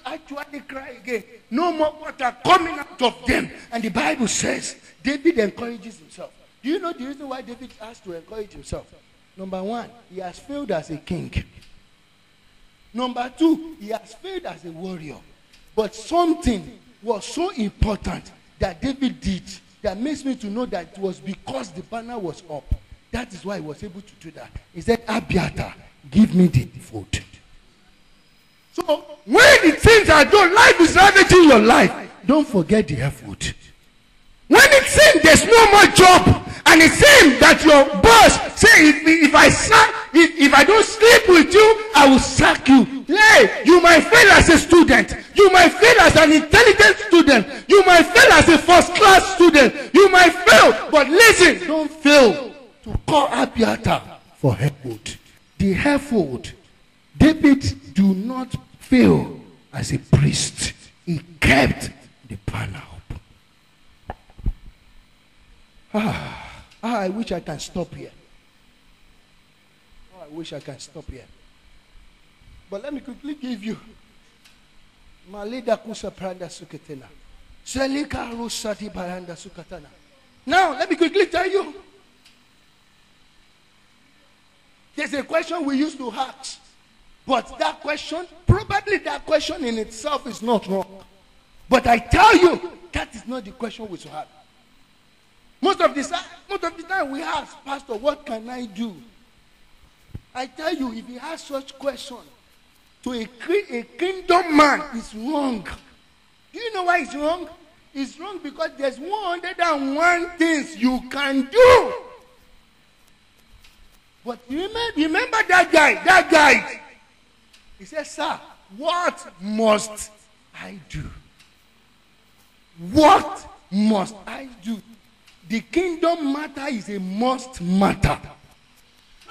[SPEAKER 1] actually cry again. No more water coming out of them. And the Bible says David encourages himself. Do you know the reason why David has to encourage himself? Number one, he has failed as a king. Number two, he has failed as a warrior. But something was so important that David did that makes me to know that it was because the banner was up. That is why he was able to do that. He said, Abiata, give me the food. So when the things are done, life is ravaging your life, don't forget the effort. When it seems there's no more job, and it seems that your boss say if, if I sack, if, if I don't sleep with you, I will sack you. Hey, you might fail as a student. You might fail as an intelligent student. You might fail as a first class student. You might fail. But listen, don't fail to call Abiata for helpwood. The helpwood, David do not fail as a priest. He kept the panel up. Ah, ah, I wish I can stop here. Oh, I wish I can stop here. But let me quickly give you Malida kusa pranda suketena, Selika rusati baranda sukatana. Now, let me quickly tell you. There's a question we used to ask. But that question, probably that question in itself is not wrong. But I tell you, that is not the question we should have. Most of, this, most of the time we ask, Pastor, what can I do? I tell you, if you ask such question, to a, a kingdom man is wrong. Do you know why it's wrong? It's wrong because there's 101 things you can do. But remember, remember that guy, that guy. He said, Sir, what must I do? What must I do? The kingdom matter is a must matter.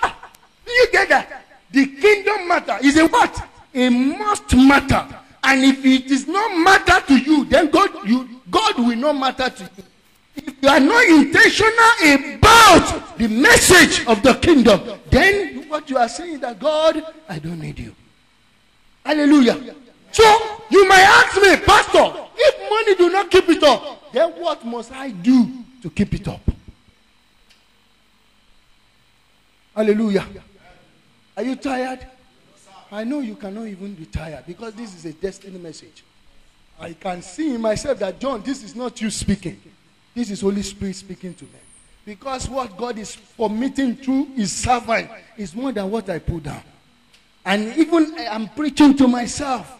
[SPEAKER 1] Ah, do you get that? The kingdom matter is a what? it must matter. And if it is not matter to you, then God, you, God will not matter to you. If you are not intentional about the message of the kingdom, then what you are saying is that God, I don't need you. Hallelujah. So you may ask me, Pastor, if money do not keep it up, then what must I do to keep it up? Hallelujah. Are you tired? I know you cannot even retire because this is a destiny message. I can see in myself that, John, this is not you speaking. This is Holy Spirit speaking to me. Because what God is permitting through his servant is more than what I put down. And even I'm preaching to myself.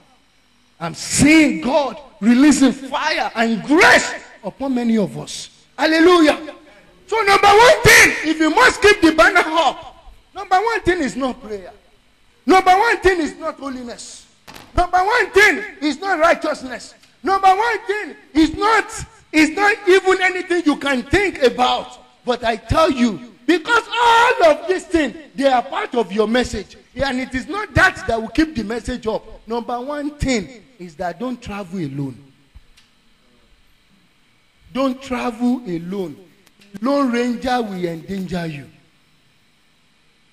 [SPEAKER 1] I'm seeing God releasing fire and grace upon many of us. Hallelujah. So, number one thing, if you must keep the banner up, number one thing is not prayer. Number one thing is not holiness. Number one thing is not righteousness. Number one thing is not is not even anything you can think about. But I tell you, because all of these things they are part of your message, and it is not that that will keep the message up. Number one thing is that don't travel alone. Don't travel alone. Lone Ranger will endanger you.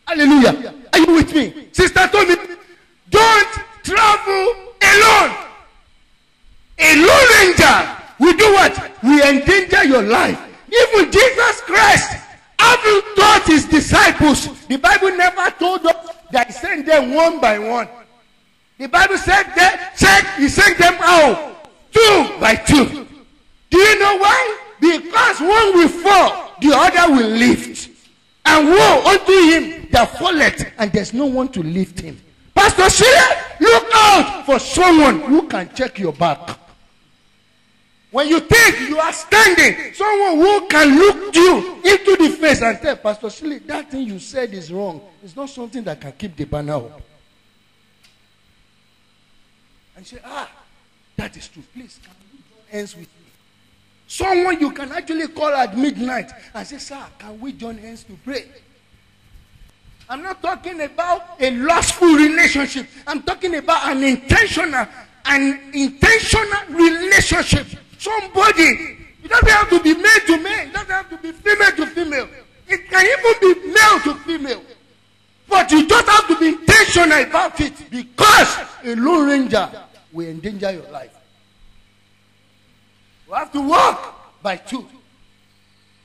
[SPEAKER 1] Hallelujah. Are you with me? Sister Tony, don't travel alone. A lone ranger will do what? We endanger your life. Even Jesus Christ, having taught his disciples, the Bible never told us that he sent them one by one. The Bible said that said he sent them out two by two. Do you know why? Because one will fall, the other will lift. And woe unto him that falleth, and there's no one to lift him. Pastor Shea, look out for someone who can check your back. When you think you are standing, someone who can look you into the face and tell Pastor Shea, that thing you said is wrong. It's not something that can keep the banner up. And say, ah, that is true. Please, can you join hands with me? Someone you can actually call at midnight and say, sir, can we join hands to pray? I'm not talking about a lustful relationship. I'm talking about an intentional, an intentional relationship. Somebody, it doesn't have to be male to male. It doesn't have to be female to female. It can even be male to female. But you don't have to be intentional about it because a lone ranger will endanger your life. You have to walk by two.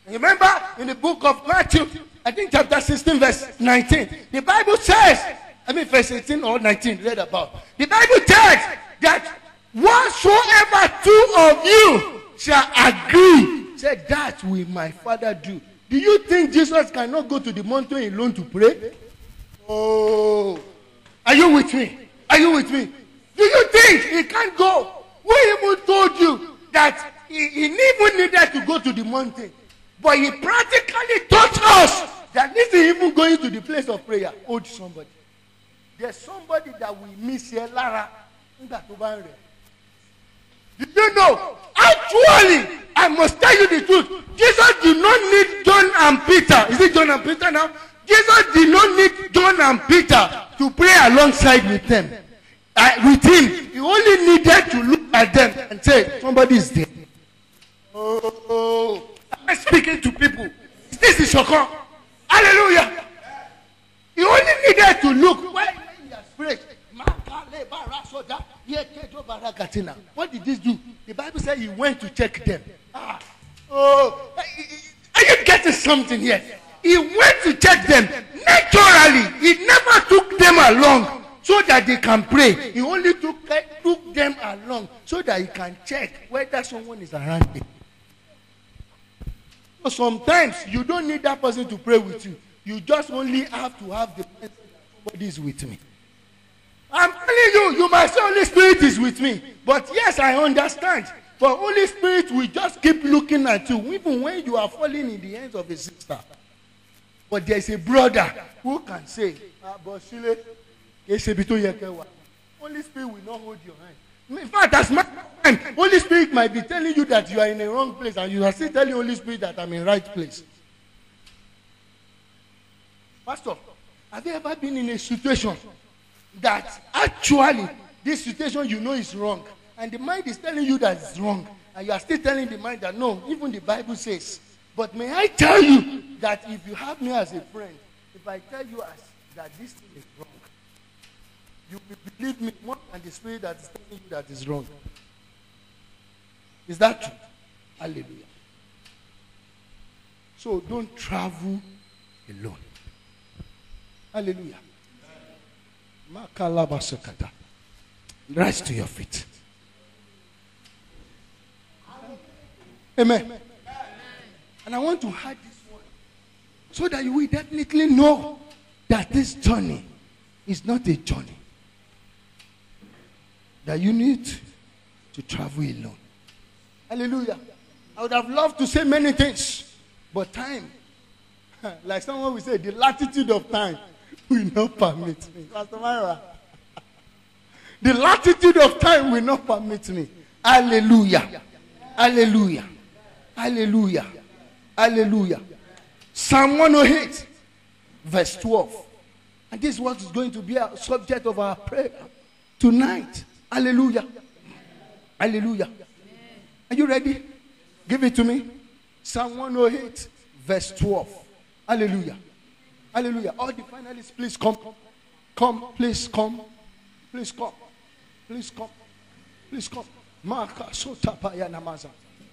[SPEAKER 1] Remember in the book of Matthew, I think chapter 16, verse 19. The Bible says, I mean, verse 18 or 19, read about. The Bible says that whatsoever two of you shall agree, said that will my Father do. Do you think Jesus cannot go to the mountain alone to pray? Oh, are you with me? Are you with me? Do you think he can't go? Who even told you that he, he even needed to go to the mountain. But he practically taught us that this is even going to the place of prayer. Hold somebody. There's somebody that we miss here, Lara. Did you know? Actually, I must tell you the truth. Jesus did not need John and Peter. Is it John and Peter now? Jesus did not need John and Peter to pray alongside with them. Uh, with him, he only needed to look at them and say, "Somebody is there." Oh, and speaking to people. This is your call. Hallelujah. You only needed to look What did this do? The Bible said he went to check them. Ah, oh, are you getting something here? He went to check them naturally. He never took them along so that they can pray. He only took, took them along so that he can check whether someone is around him. Sometimes you don't need that person to pray with you. You just only have to have the person that is with me. I'm telling you, you might say Holy Spirit is with me. But yes, I understand. For Holy Spirit we just keep looking at you, even when you are falling in the hands of a sister. But there is a brother who can say, Abosile, ah, Holy Spirit will not hold your hand. In fact, as much Holy Spirit might be telling you that you are in a wrong place, and you are still telling Holy Spirit that I'm in the right place. Pastor, have you ever been in a situation that actually this situation you know is wrong, and the mind is telling you that it's wrong, and you are still telling the mind that no, even the Bible says. But may I tell you that if you have me as a friend, if I tell you as, that this is wrong, you will believe me more than the spirit that is telling you that is wrong. Is that true? Hallelujah. So don't travel alone. Hallelujah. Rise to your feet. Amen. Amen. And I want to hide this one so that you will definitely know that this journey is not a journey. that you need to travel alone. Hallelujah. I would have loved to say many things, but time, like someone will say, the latitude of time will not permit me. Pastor Myra, the latitude of time will not permit me. Hallelujah. Hallelujah. Hallelujah. Hallelujah. Psalm 108, verse 12. And this is what is going to be a subject of our prayer tonight. Hallelujah. Hallelujah. Are you ready? Give it to me. Psalm 108, verse 12. Hallelujah. Hallelujah. All the finalists, please come. Come, please come. Please come. Please come. Please come.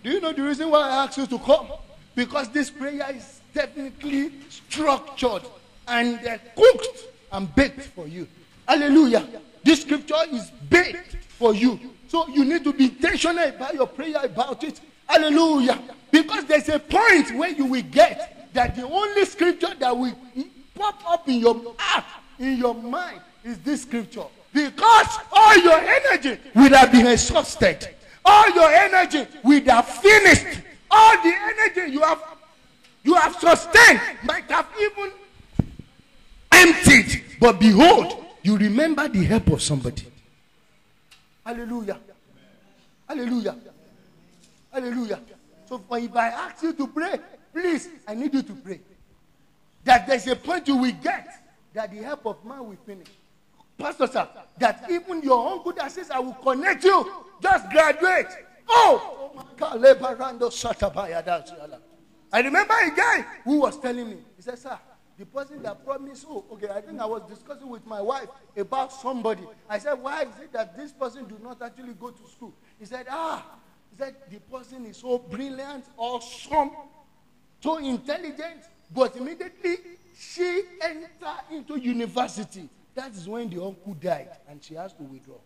[SPEAKER 1] Do you know the reason why I asked you to come? Because this prayer is definitely structured and cooked and baked for you. Hallelujah. This scripture is big for you. So you need to be intentional about your prayer about it. Hallelujah. Because there's a point where you will get that the only scripture that will pop up in your heart, in your mind, is this scripture. Because all your energy will have been exhausted. All your energy will have finished. All the energy you have you have sustained might have even emptied. But behold, you remember the help of somebody. Hallelujah. Hallelujah. Hallelujah. So if I ask you to pray, please, I need you to pray. That there's a point you will get that the help of man will finish. Pastor sir, that even your uncle that says, I will connect you, just graduate. Oh! I remember a guy who was telling me, he said, sir, the person that promised, oh, okay, I think I was discussing with my wife about somebody. I said, why is it that this person do not actually go to school? He said, ah, he said, the person is so brilliant, awesome, so intelligent, but immediately she entered into university. That is when the uncle died, and she has to withdraw.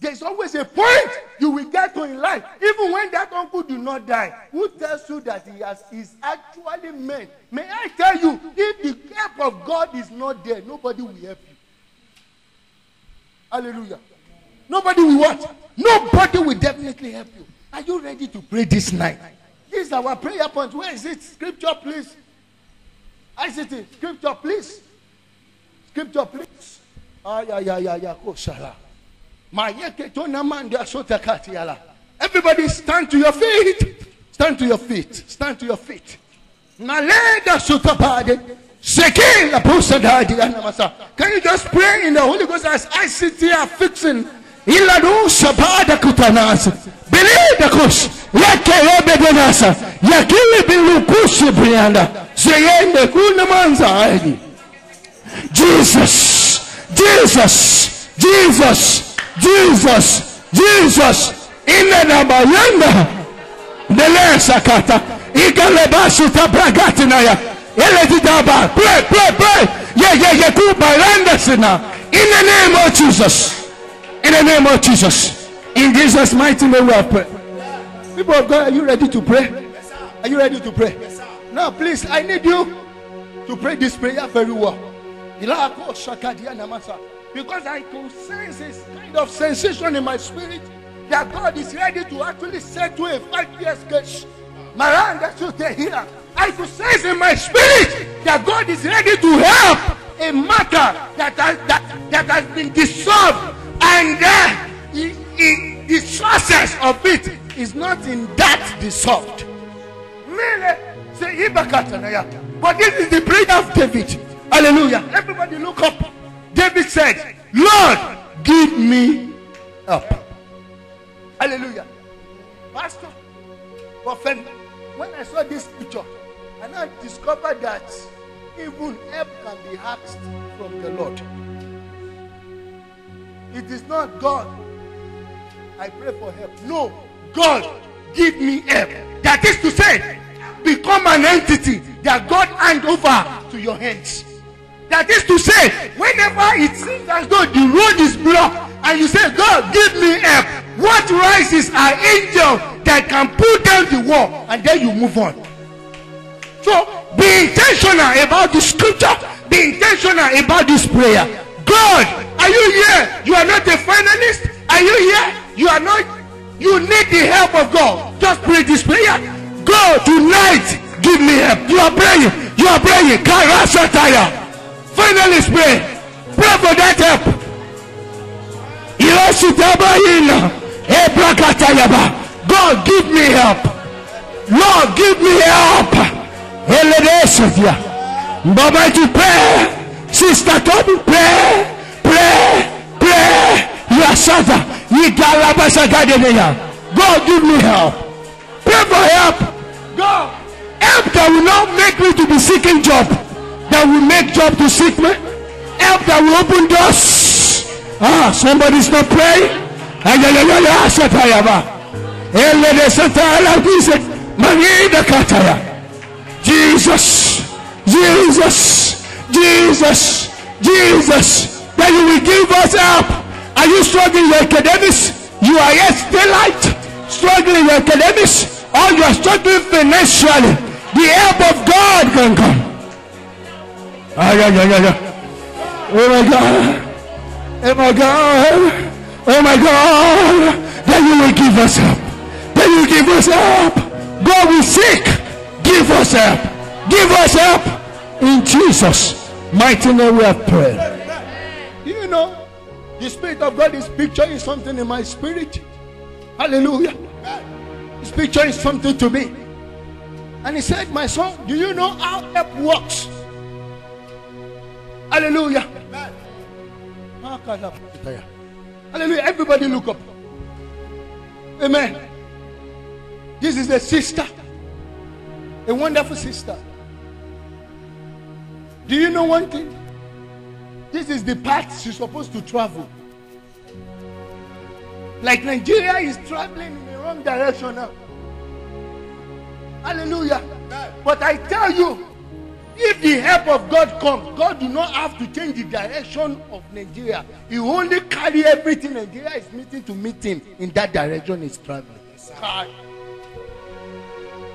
[SPEAKER 1] There's always a point you will get to in life. Even when that uncle do not die, who tells you that he has is actually meant? May I tell you, if the help of God is not there, nobody will help you. Hallelujah. Nobody will what? Nobody will definitely help you. Are you ready to pray this night? This is our prayer point. Where is it? Scripture, please. I see it. Scripture, please. Scripture, please. Ah, yeah, yeah, yeah, yeah. Oh, shalom. Everybody stand to your feet. Stand to your feet. Stand to your feet. Malega sutapade. the pusadadi anamasa. Can you just pray in the Holy Ghost as I sit here fixing? Iladu sabada kutanas. Believe the kush. Yake yobe donasa. Yakili bilukushi brianda. Zeyende kunamanza aidi. Jesus. Jesus. Jesus.
[SPEAKER 2] Jesus, Jesus, in the inenabayanda delesakata
[SPEAKER 1] igalebasuta bragatinaya eledidaba pray pray pray yeah yeah yeah kubalandasina in the name of Jesus in the name of Jesus in Jesus mighty name we pray people of God are you ready to pray are you ready to pray now please I need you to pray this prayer very well shakadiya namasa. because I could sense this kind of sensation in my spirit that God is ready to actually set to a five years case. my that's what they hear. I could sense in my spirit that God is ready to help a matter that has, that, that has been dissolved. And uh, in, in the sources of it is not in that dissolved. But this is the prayer of David. Hallelujah. Everybody look up. David said, Lord, give me help. Hallelujah. Pastor, prophet, when I saw this picture, and I discovered that even help can be asked from the Lord. It is not God. I pray for help. No, God, give me help. That is to say, become an entity that God hand over to your hands. That is to say, whenever it seems as though the road is blocked, and you say, God, give me help. What rises are angels that can pull down the wall, and then you move on. So be intentional about the scripture. Be intentional about this prayer. God, are you here? You are not a finalist. Are you here? You are not. You need the help of God. Just pray this prayer. God, tonight, give me help. You are praying. You are praying. Karasataya finally pray pray for that help ìrẹsìtẹ́bọ̀ yìí nà ebrakatayaba God give me help
[SPEAKER 2] Lord give me help elédèésìfìà bàbájú pray sister tóbi pray pray pray yasada
[SPEAKER 1] yigalabasagadeniya God give me help pray for help God help that will not make me to be seeking job. that will make job to seek men, help that will open doors. Ah, somebody's not praying.
[SPEAKER 2] Jesus, Jesus, Jesus, Jesus, that you will give us help. Are you struggling with
[SPEAKER 1] academics? You are yet daylight, struggling with academics, or you are struggling financially. The help of God can come. Ah, yeah,
[SPEAKER 2] yeah, yeah, yeah. Oh my God. Oh my God. Oh my God. Then you will give us up. Then you give us up. God
[SPEAKER 1] will seek. Give us up. Give us up. In Jesus' mighty name we have prayed. You know, the Spirit of God is picturing something in my spirit. Hallelujah. He's is something to me. And he said, My son, do you know how help works? Hallelujah. Hallelujah. Everybody look up. Amen. This is a sister. A wonderful sister. Do you know one thing? This is the path she's supposed to travel. Like Nigeria is traveling in the wrong direction now. Hallelujah. But I tell you, If the help of God comes, God do not have to change the direction of Nigeria. He only carry everything Nigeria is meeting to meeting in that direction is traveling. Yes,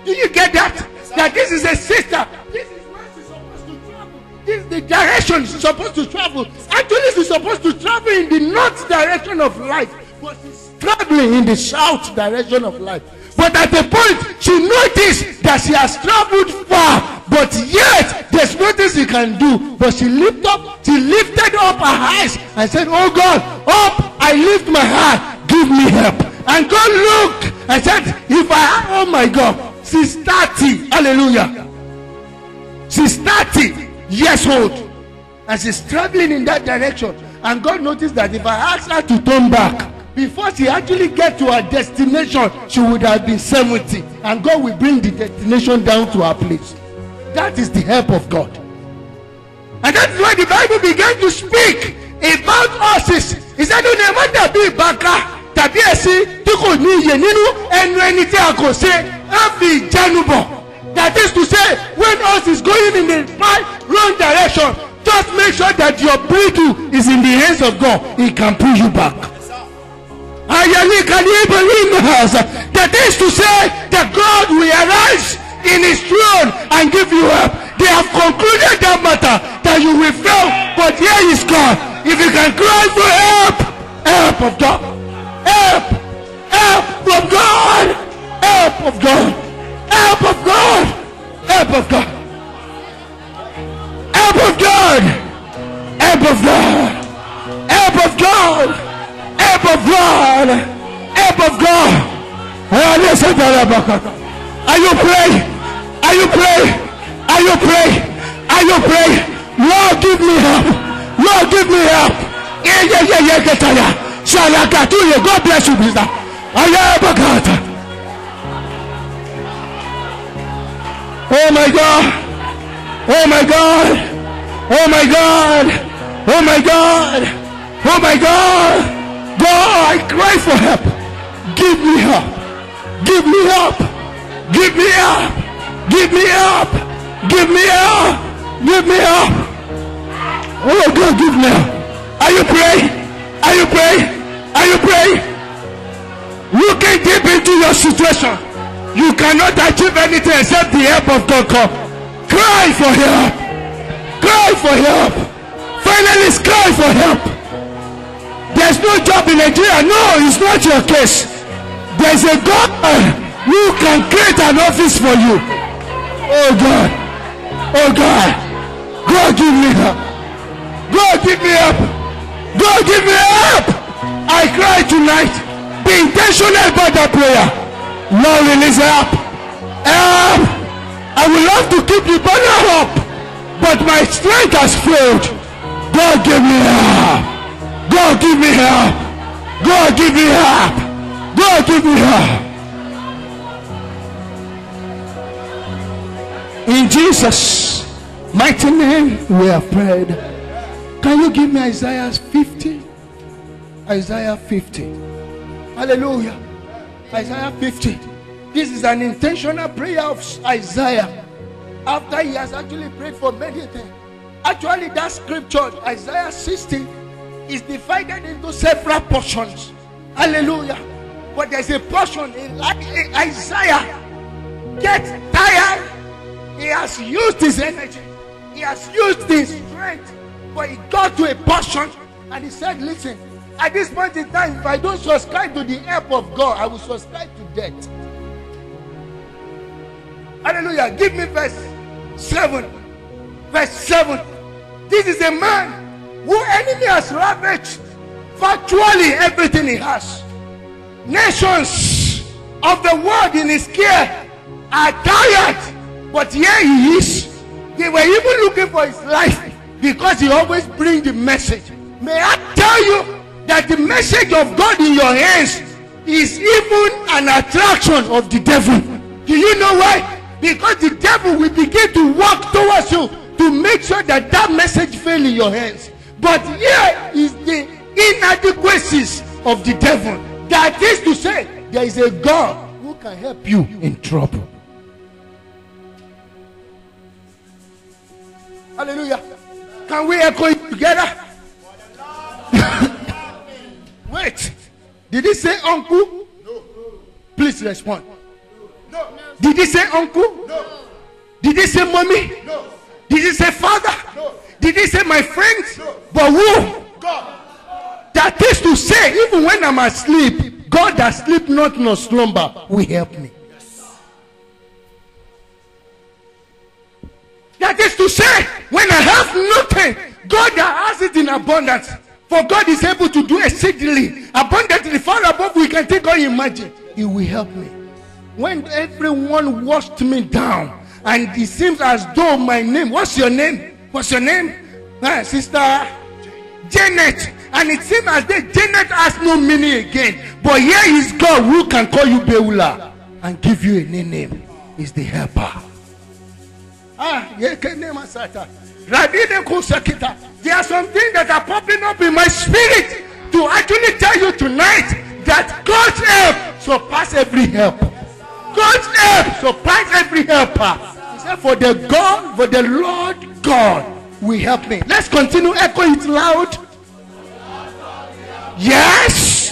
[SPEAKER 1] do you get that? Yes, that this is a sister. This is where she's supposed to travel. This is the direction she's supposed to travel. Actually, she's supposed to travel in the north direction of life, but she's traveling in the south direction of life. But at the point she noticed that she has traveled far, but yet there's nothing she can do. But she lifted up, she lifted up her eyes and said, Oh God, up, I lift my heart. give me help. And God look, and said, If I oh my God, she's 30. Hallelujah. She's 30 years old. And she's travelling in that direction. And God noticed that if I ask her to turn back, Before she actually get to her destination, she would have been seventy, And God will bring the destination down to her place. That is the help of God. And that is why the Bible began to speak about horses. He said, "Ní ẹ̀mọ́ dàbí ìbáka tàbí ẹ̀sìn tí kò ní iyè nínú ẹnu ẹni tí a kò ṣe á fi ìjánu That is to say, when us is going in the right wrong direction, just make sure that your bridle is in the hands of God. He can pull you back. Can you believe us? That is to say the God will arise in his throne and give you up. They have concluded that matter that you will fail, but here is God. If you can cry for help, help of God,
[SPEAKER 2] help, help from God, help of God, help of God, help of God, help of God, help of God, help of God. Help of God. Help of God. Help of God. Are you praying? Are you praying? Are you praying? Are you praying? Lord, give me help. Lord, give me help. Yeah, yeah, yeah, yeah, get tired. God bless you, brother. I am a God. Oh my God. Oh my God. Oh my God. Oh my God. Oh my God. God, I cry for help. Give me help. Give me help. Give me help. Give me help. Give me help. Give me help.
[SPEAKER 1] Oh God, give me help. Are you praying? Are you praying? Are you praying? Looking deep into your situation, you cannot achieve anything except the help of God. Come. Cry for help. Cry for help. Finally, cry for help. There's no job in Nigeria.
[SPEAKER 2] No, it's not your case. There's a God who can create an office for you. Oh God. Oh God. God, give me help.
[SPEAKER 1] God, give me help. God, give me help. I cry tonight. Be intentional about that prayer. Lord, release help.
[SPEAKER 2] Help. I would love to keep the banner up, but my strength has failed. God give me help. God, give me help. God, give me help. God, give me help.
[SPEAKER 1] In Jesus' mighty name, we have prayed. Can you give me Isaiah 50? Isaiah 50. Hallelujah. Isaiah 50. This is an intentional prayer of Isaiah. After he has actually prayed for many things. Actually, that scripture, Isaiah 60, is divided into several portions. Hallelujah. But there's a portion in Isaiah gets tired. He has used his energy, he has used his strength, but he got to a portion and he said, Listen, at this point in time, if I don't subscribe to the help of God, I will subscribe to death. Hallelujah. Give me verse 7. Verse 7. This is a man who enemy has ravaged virtually everything he has. Nations of the world in his care are tired, but here he is. They were even looking for his life because he always brings the message. May I tell you that the message of God in your hands is even an attraction of the devil. Do you know why? Because the devil will begin to walk towards you to make sure that that message fails in your hands. But here is the inadequacies of the devil. That is to say, there is a God who can help you in trouble. Hallelujah. Can we echo it together? Wait. Did he say uncle? No. Please respond. No. Did he say uncle? No. Did he say mommy? No. Did he say father? No. Did he say my friends? No. But who? God. That is to say, even when I'm asleep, God that sleep not nor slumber will help me. Yes. That is to say, when I have nothing, God that has it in abundance. For God is able to do exceedingly abundantly far above we can take or imagine. He will help me. When everyone washed me down, and it seems as though my name, what's your name? What's your name? Uh, Sister Janet. And it seems as though Janet has no meaning again. But here is God who can call you Beulah and give you a new name. Is the helper. Ah, yeah, can name Satan. There are some things that are popping up in my spirit to actually tell you tonight that God's help surpasses every help. God's help surpasses every helper. Say, for the God, for the Lord God will help me. Let's continue. Echo it loud. Yes.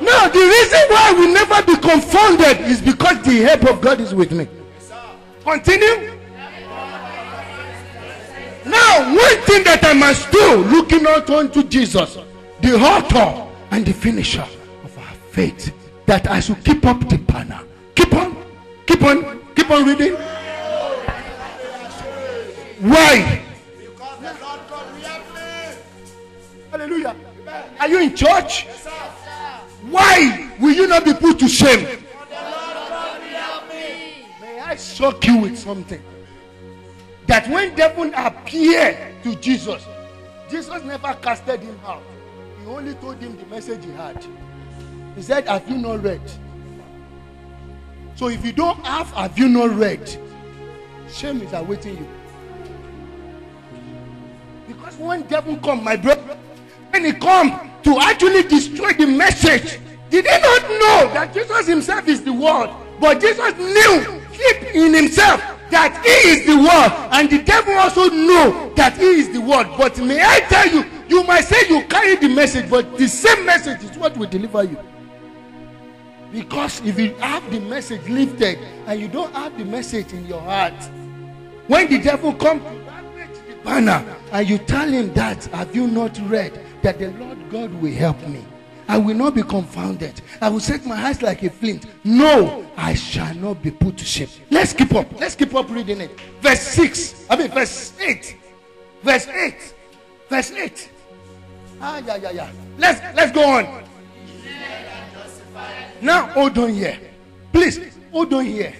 [SPEAKER 1] No, the reason why we never be confounded is because the help of God is with me. Continue. Now, one thing that I must do, looking out unto Jesus, the author and the finisher of our faith, that I should keep up the banner. Keep on, keep on, keep on reading. Why? Hallelujah. Are you in church? Why will you not be put to shame? May I shock you with something? That when devil appeared to Jesus, Jesus never casted him out. He only told him the message he had. He said, Have you not read? So if you don't have, have you not read? Shame is awaiting you. Because when devil come, my brother, when he come to actually destroy the message, did he not know that Jesus himself is the word? But Jesus knew deep in himself that he is the word. And the devil also know that he is the word. But may I tell you, you might say you carry the message, but the same message is what will deliver you. Because if you have the message lifted and you don't have the message in your heart, when the devil comes to the banner and you tell him that, have you not read that the Lord God will help me? I will not be confounded. I will set my eyes like a flint. No, I shall not be put to shame. Let's keep up. Let's keep up reading it. Verse 6. I mean, verse 8. Verse 8. Verse 8. Ah, yeah, yeah, yeah. Let's let's go on. Now hold on here. Please hold on here.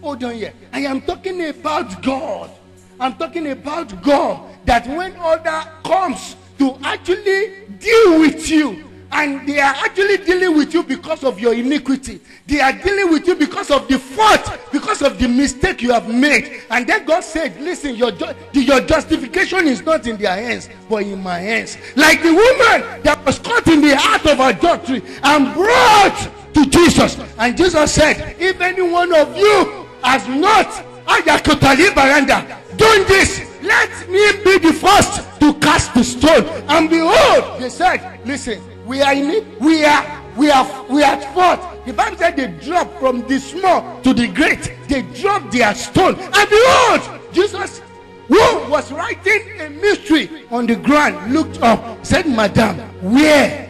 [SPEAKER 1] Hold on here. I am talking about God. I'm talking about God that when order comes to actually deal with you, and they are actually dealing with you because of your iniquity. They are dealing with you because of the fault, because of the mistake you have made. And then God said, Listen, your, ju- your justification is not in their hands, but in my hands. Like the woman that was caught in the act of adultery and brought to Jesus. And Jesus said, If any one of you has not Ayakutali Baranda done this, let me be the first to cast the stone. And behold, they said, Listen, we are in it, we are we are we are at fault. The Bible said they dropped from the small to the great, they dropped their stone. And behold, Jesus, who was writing a mystery on the ground, looked up, said, Madam, where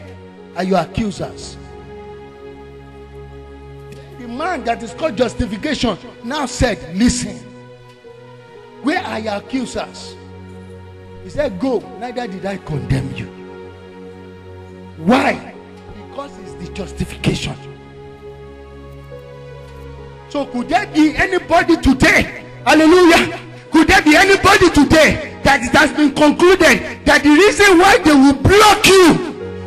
[SPEAKER 1] are your accusers? man that is called justification now said, Listen, where are your accusers? He said, Go, neither did I condemn you. Why? Because it's the justification. So, could there be anybody today? Hallelujah. Could there be anybody today that it has been concluded that the reason why they will block you,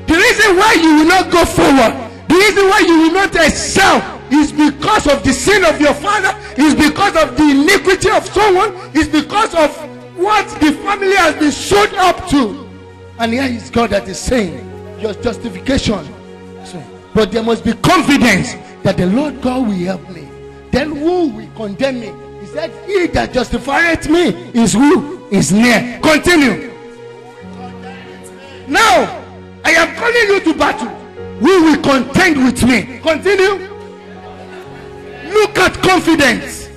[SPEAKER 1] the reason why you will not go forward, the reason why you will not excel Is because of the sin of your father. Is because of the iniquity of someone. Is because of what the family has been showed up to. And here is God that is saying, Your justification. But there must be confidence that the Lord God will help me. Then who will condemn me? He said, He that justifieth me is who is near. Continue. Now I am calling you to battle. Who will contend with me? Continue. Look at confidence.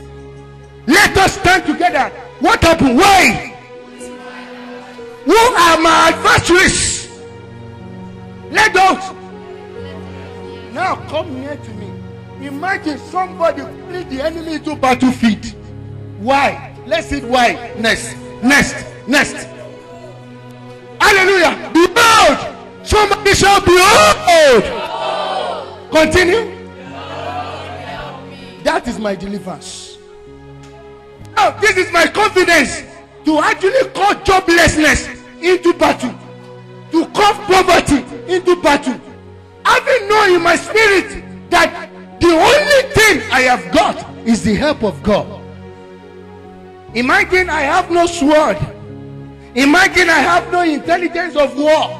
[SPEAKER 1] Let us stand together. What happened? Why? Who are my adversaries? Let us. Now come near to me. Imagine somebody lead the enemy to battlefield. Why? Let's see why. Next. Next. Next. Hallelujah. Behold. Somebody shall behold. Continue. That is my deliverance. Now, this is my confidence to actually call joblessness into battle, to call poverty into battle. Having known in my spirit that the only thing I have got is the help of God. Imagine I have no sword. Imagine I have no intelligence of war.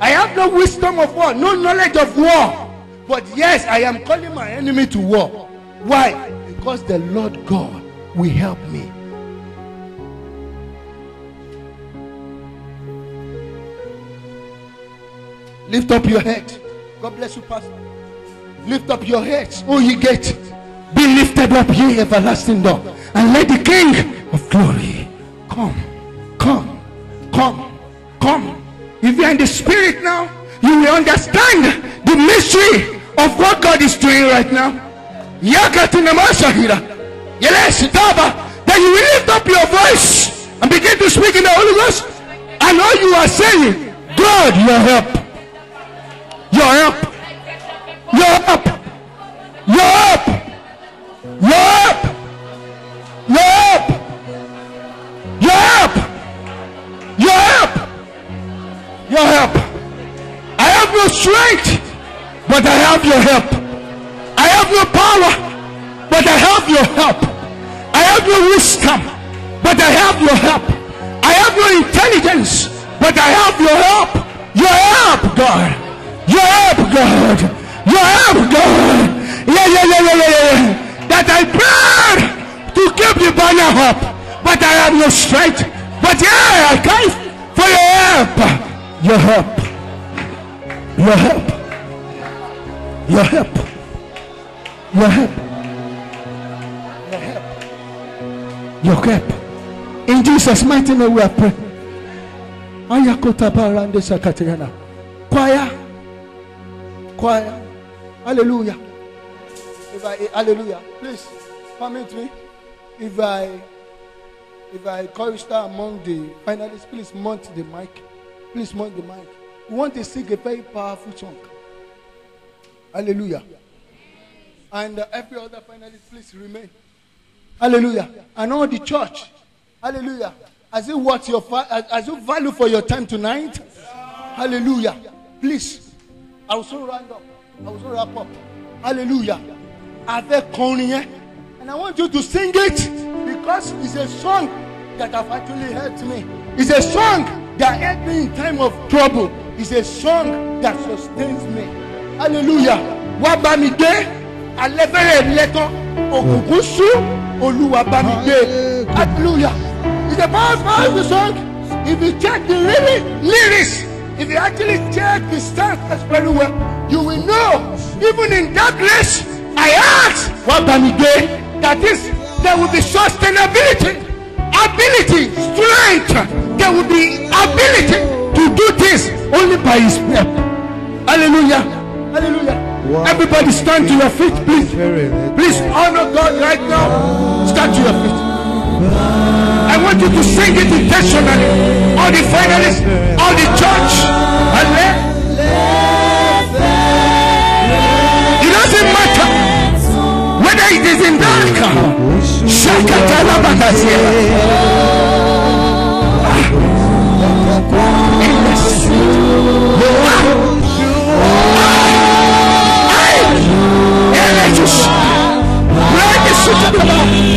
[SPEAKER 1] I have no wisdom of war, no knowledge of war. But yes, I am calling my enemy to war. Why? Because the Lord God will help me. Lift up your head. God bless you, Pastor. Lift up your head. oh ye it. Be lifted up, ye everlasting door. And let the King of glory come, come, come, come. If you are in the spirit now, you will understand the mystery of what God is doing right now. That you lift up your voice and begin to speak in the Holy Ghost. And all you are saying, God, your help.
[SPEAKER 2] Your help. Your help. Your help. Your help. Your help. Your help. Your help. Your help. I have no strength, but I have your help but I have your help. I have your wisdom, but I have your help. I have your intelligence, but I have your help. Your help, God. Your help, God. Your help, God. Yeah, yeah, yeah, yeah, yeah, yeah. That I pray to keep the banner up, but I have no strength. But yeah, I cry for your help.
[SPEAKER 1] Your help. Your help. Your help. Your help. Your help. your help. In Jesus' mighty name we are praying. Choir. Choir. Hallelujah. If I hallelujah. Please permit me. If I if I star among the finalists, please mount the mic. Please mount the mic. We want to sing a very powerful song. Hallelujah. And every other finalist, please remain. Hallelujah. And all the church. Hallelujah. As you what your as you value for your time tonight. Hallelujah. Please. I will soon round up. I will soon wrap up. Hallelujah. Are there cornea? And I want you to sing it because it's a song that have actually helped me. It's a song that helped me in time of trouble. It's a song that sustains me. Hallelujah. Wá dé, lẹ́tọ́, Oluwa Bamide. Hallelujah. It's a five song. If you check the lyrics, if you actually check the stanzas very well, you will know, even in darkness, I ask for Bamide. That is, there will be sustainability, ability, strength. There will be ability to do this only by His breath. Hallelujah. Hallelujah. Everybody stand to your feet, please. Please honor God right now. Stand to your feet. I want you to sing it intentionally.
[SPEAKER 2] All the finalists, all the church, and let. It doesn't matter whether it is in Dhaka, Shakatalabatasia. In ah. você lá. Tá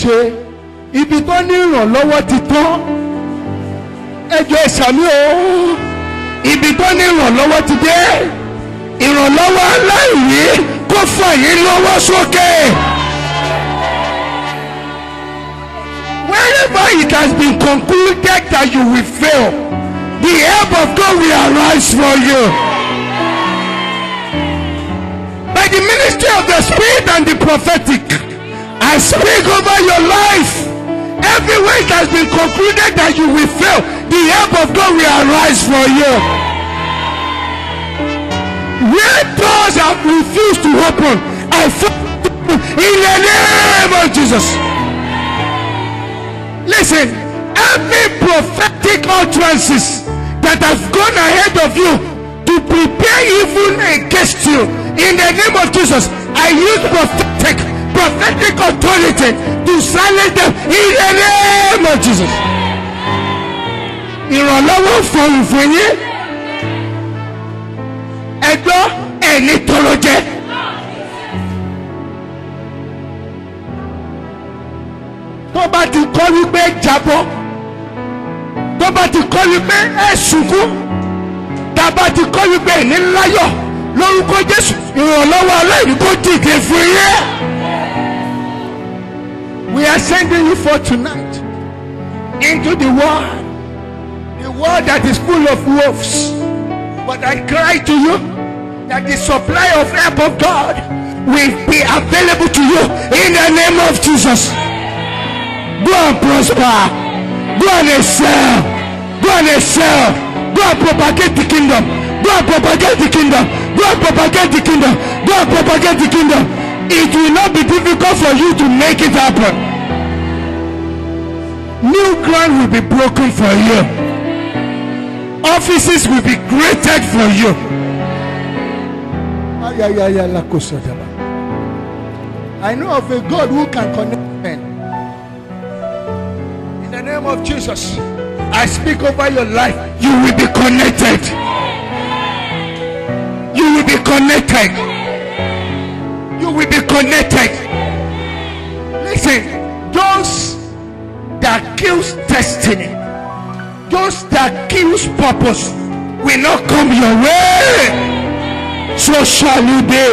[SPEAKER 1] ṣe ibi tó ní ìrànlọ́wọ́ ti tán ẹjọ́ ìsàmì o ibi tó ní ìrànlọ́wọ́ ti dé
[SPEAKER 2] ìrànlọ́wọ́ aláìní kó fà lọ́wọ́ sókè. Wherever it has been concluded that you will fail, the help of God will arise for you. By the ministry of the Spirit and the prophetic. I speak over your life. Every way that has been concluded that you will fail, the help of God will arise for you. Where doors have refused to open, I in the name
[SPEAKER 1] of Jesus. Listen, every prophetic utterances that have gone ahead of you to prepare evil
[SPEAKER 2] against you in the name of Jesus, I use prophetic prophetic authority to silence them in the name of Jesus. ìrànlọ́wọ́ fòun fún yín ẹgbọ́ ẹni tọrọ jẹ. tó bá ti kọ́ wípé jábọ́ tó bá ti kọ́ wípé ẹ̀ ṣùkú tá a bá ti kọ́ wípé ẹ̀ ní láyọ̀
[SPEAKER 1] lórúkọ Jésù ìrànlọ́wọ́ aláìní kò dìde fún yín. We are sending you for tonight into the world, the world that is full of wolves. But I cry to you that the supply of help of God will be available to you in the name of Jesus. Go and prosper. Go and excel.
[SPEAKER 2] Go and excel. Go and propagate the kingdom. Go and propagate the kingdom. Go and propagate the kingdom. Go and propagate the kingdom. It will not be difficult for you to make it happen. New ground will be broken for you.
[SPEAKER 1] Offices will be created for you. I know of a God who can connect men. In the name of Jesus, I speak over your life. You will be connected. You will be connected will be connected. Listen, those that kills destiny, those that kills purpose will not come your way. So shall you be,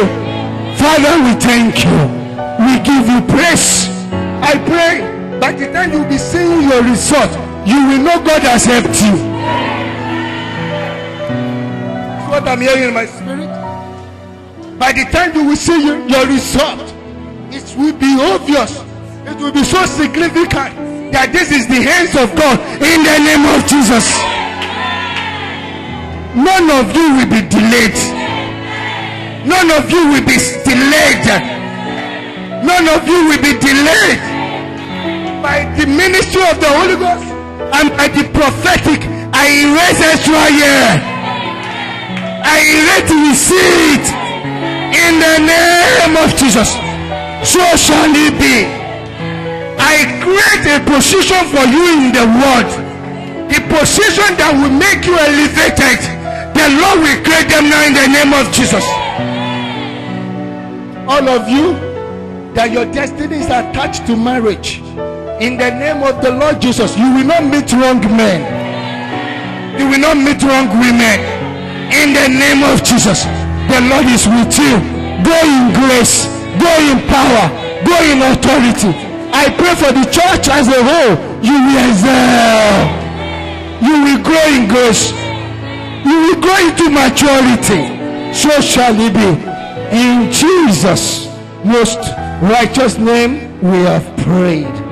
[SPEAKER 1] Father, we thank you. We give you praise. I pray by the time you'll be seeing your result, you will know God has helped you. what I'm hearing in my spirit by the time you will see your result, it will be obvious. It will be so significant that this is the hands of God in the name of Jesus. None of you will be delayed. None of you will be delayed. None of you will be delayed by the ministry of the Holy Ghost and by the prophetic. I erase Israel. I erase
[SPEAKER 2] receipt. In the name of Jesus, so shall it be.
[SPEAKER 1] I create a position for you in the world. The position that will make you elevated. The Lord will create them now in the name of Jesus. All of you, that your destiny is attached to marriage. In the name of the Lord Jesus, you will not meet wrong men. You will not meet wrong women. In the name of Jesus. The Lord is with you. Go in grace. Go in power. Go in authority. I pray for the church as a whole. You will excel. You will grow in grace. You will grow into maturity. So shall it be. In Jesus' most righteous name, we have prayed.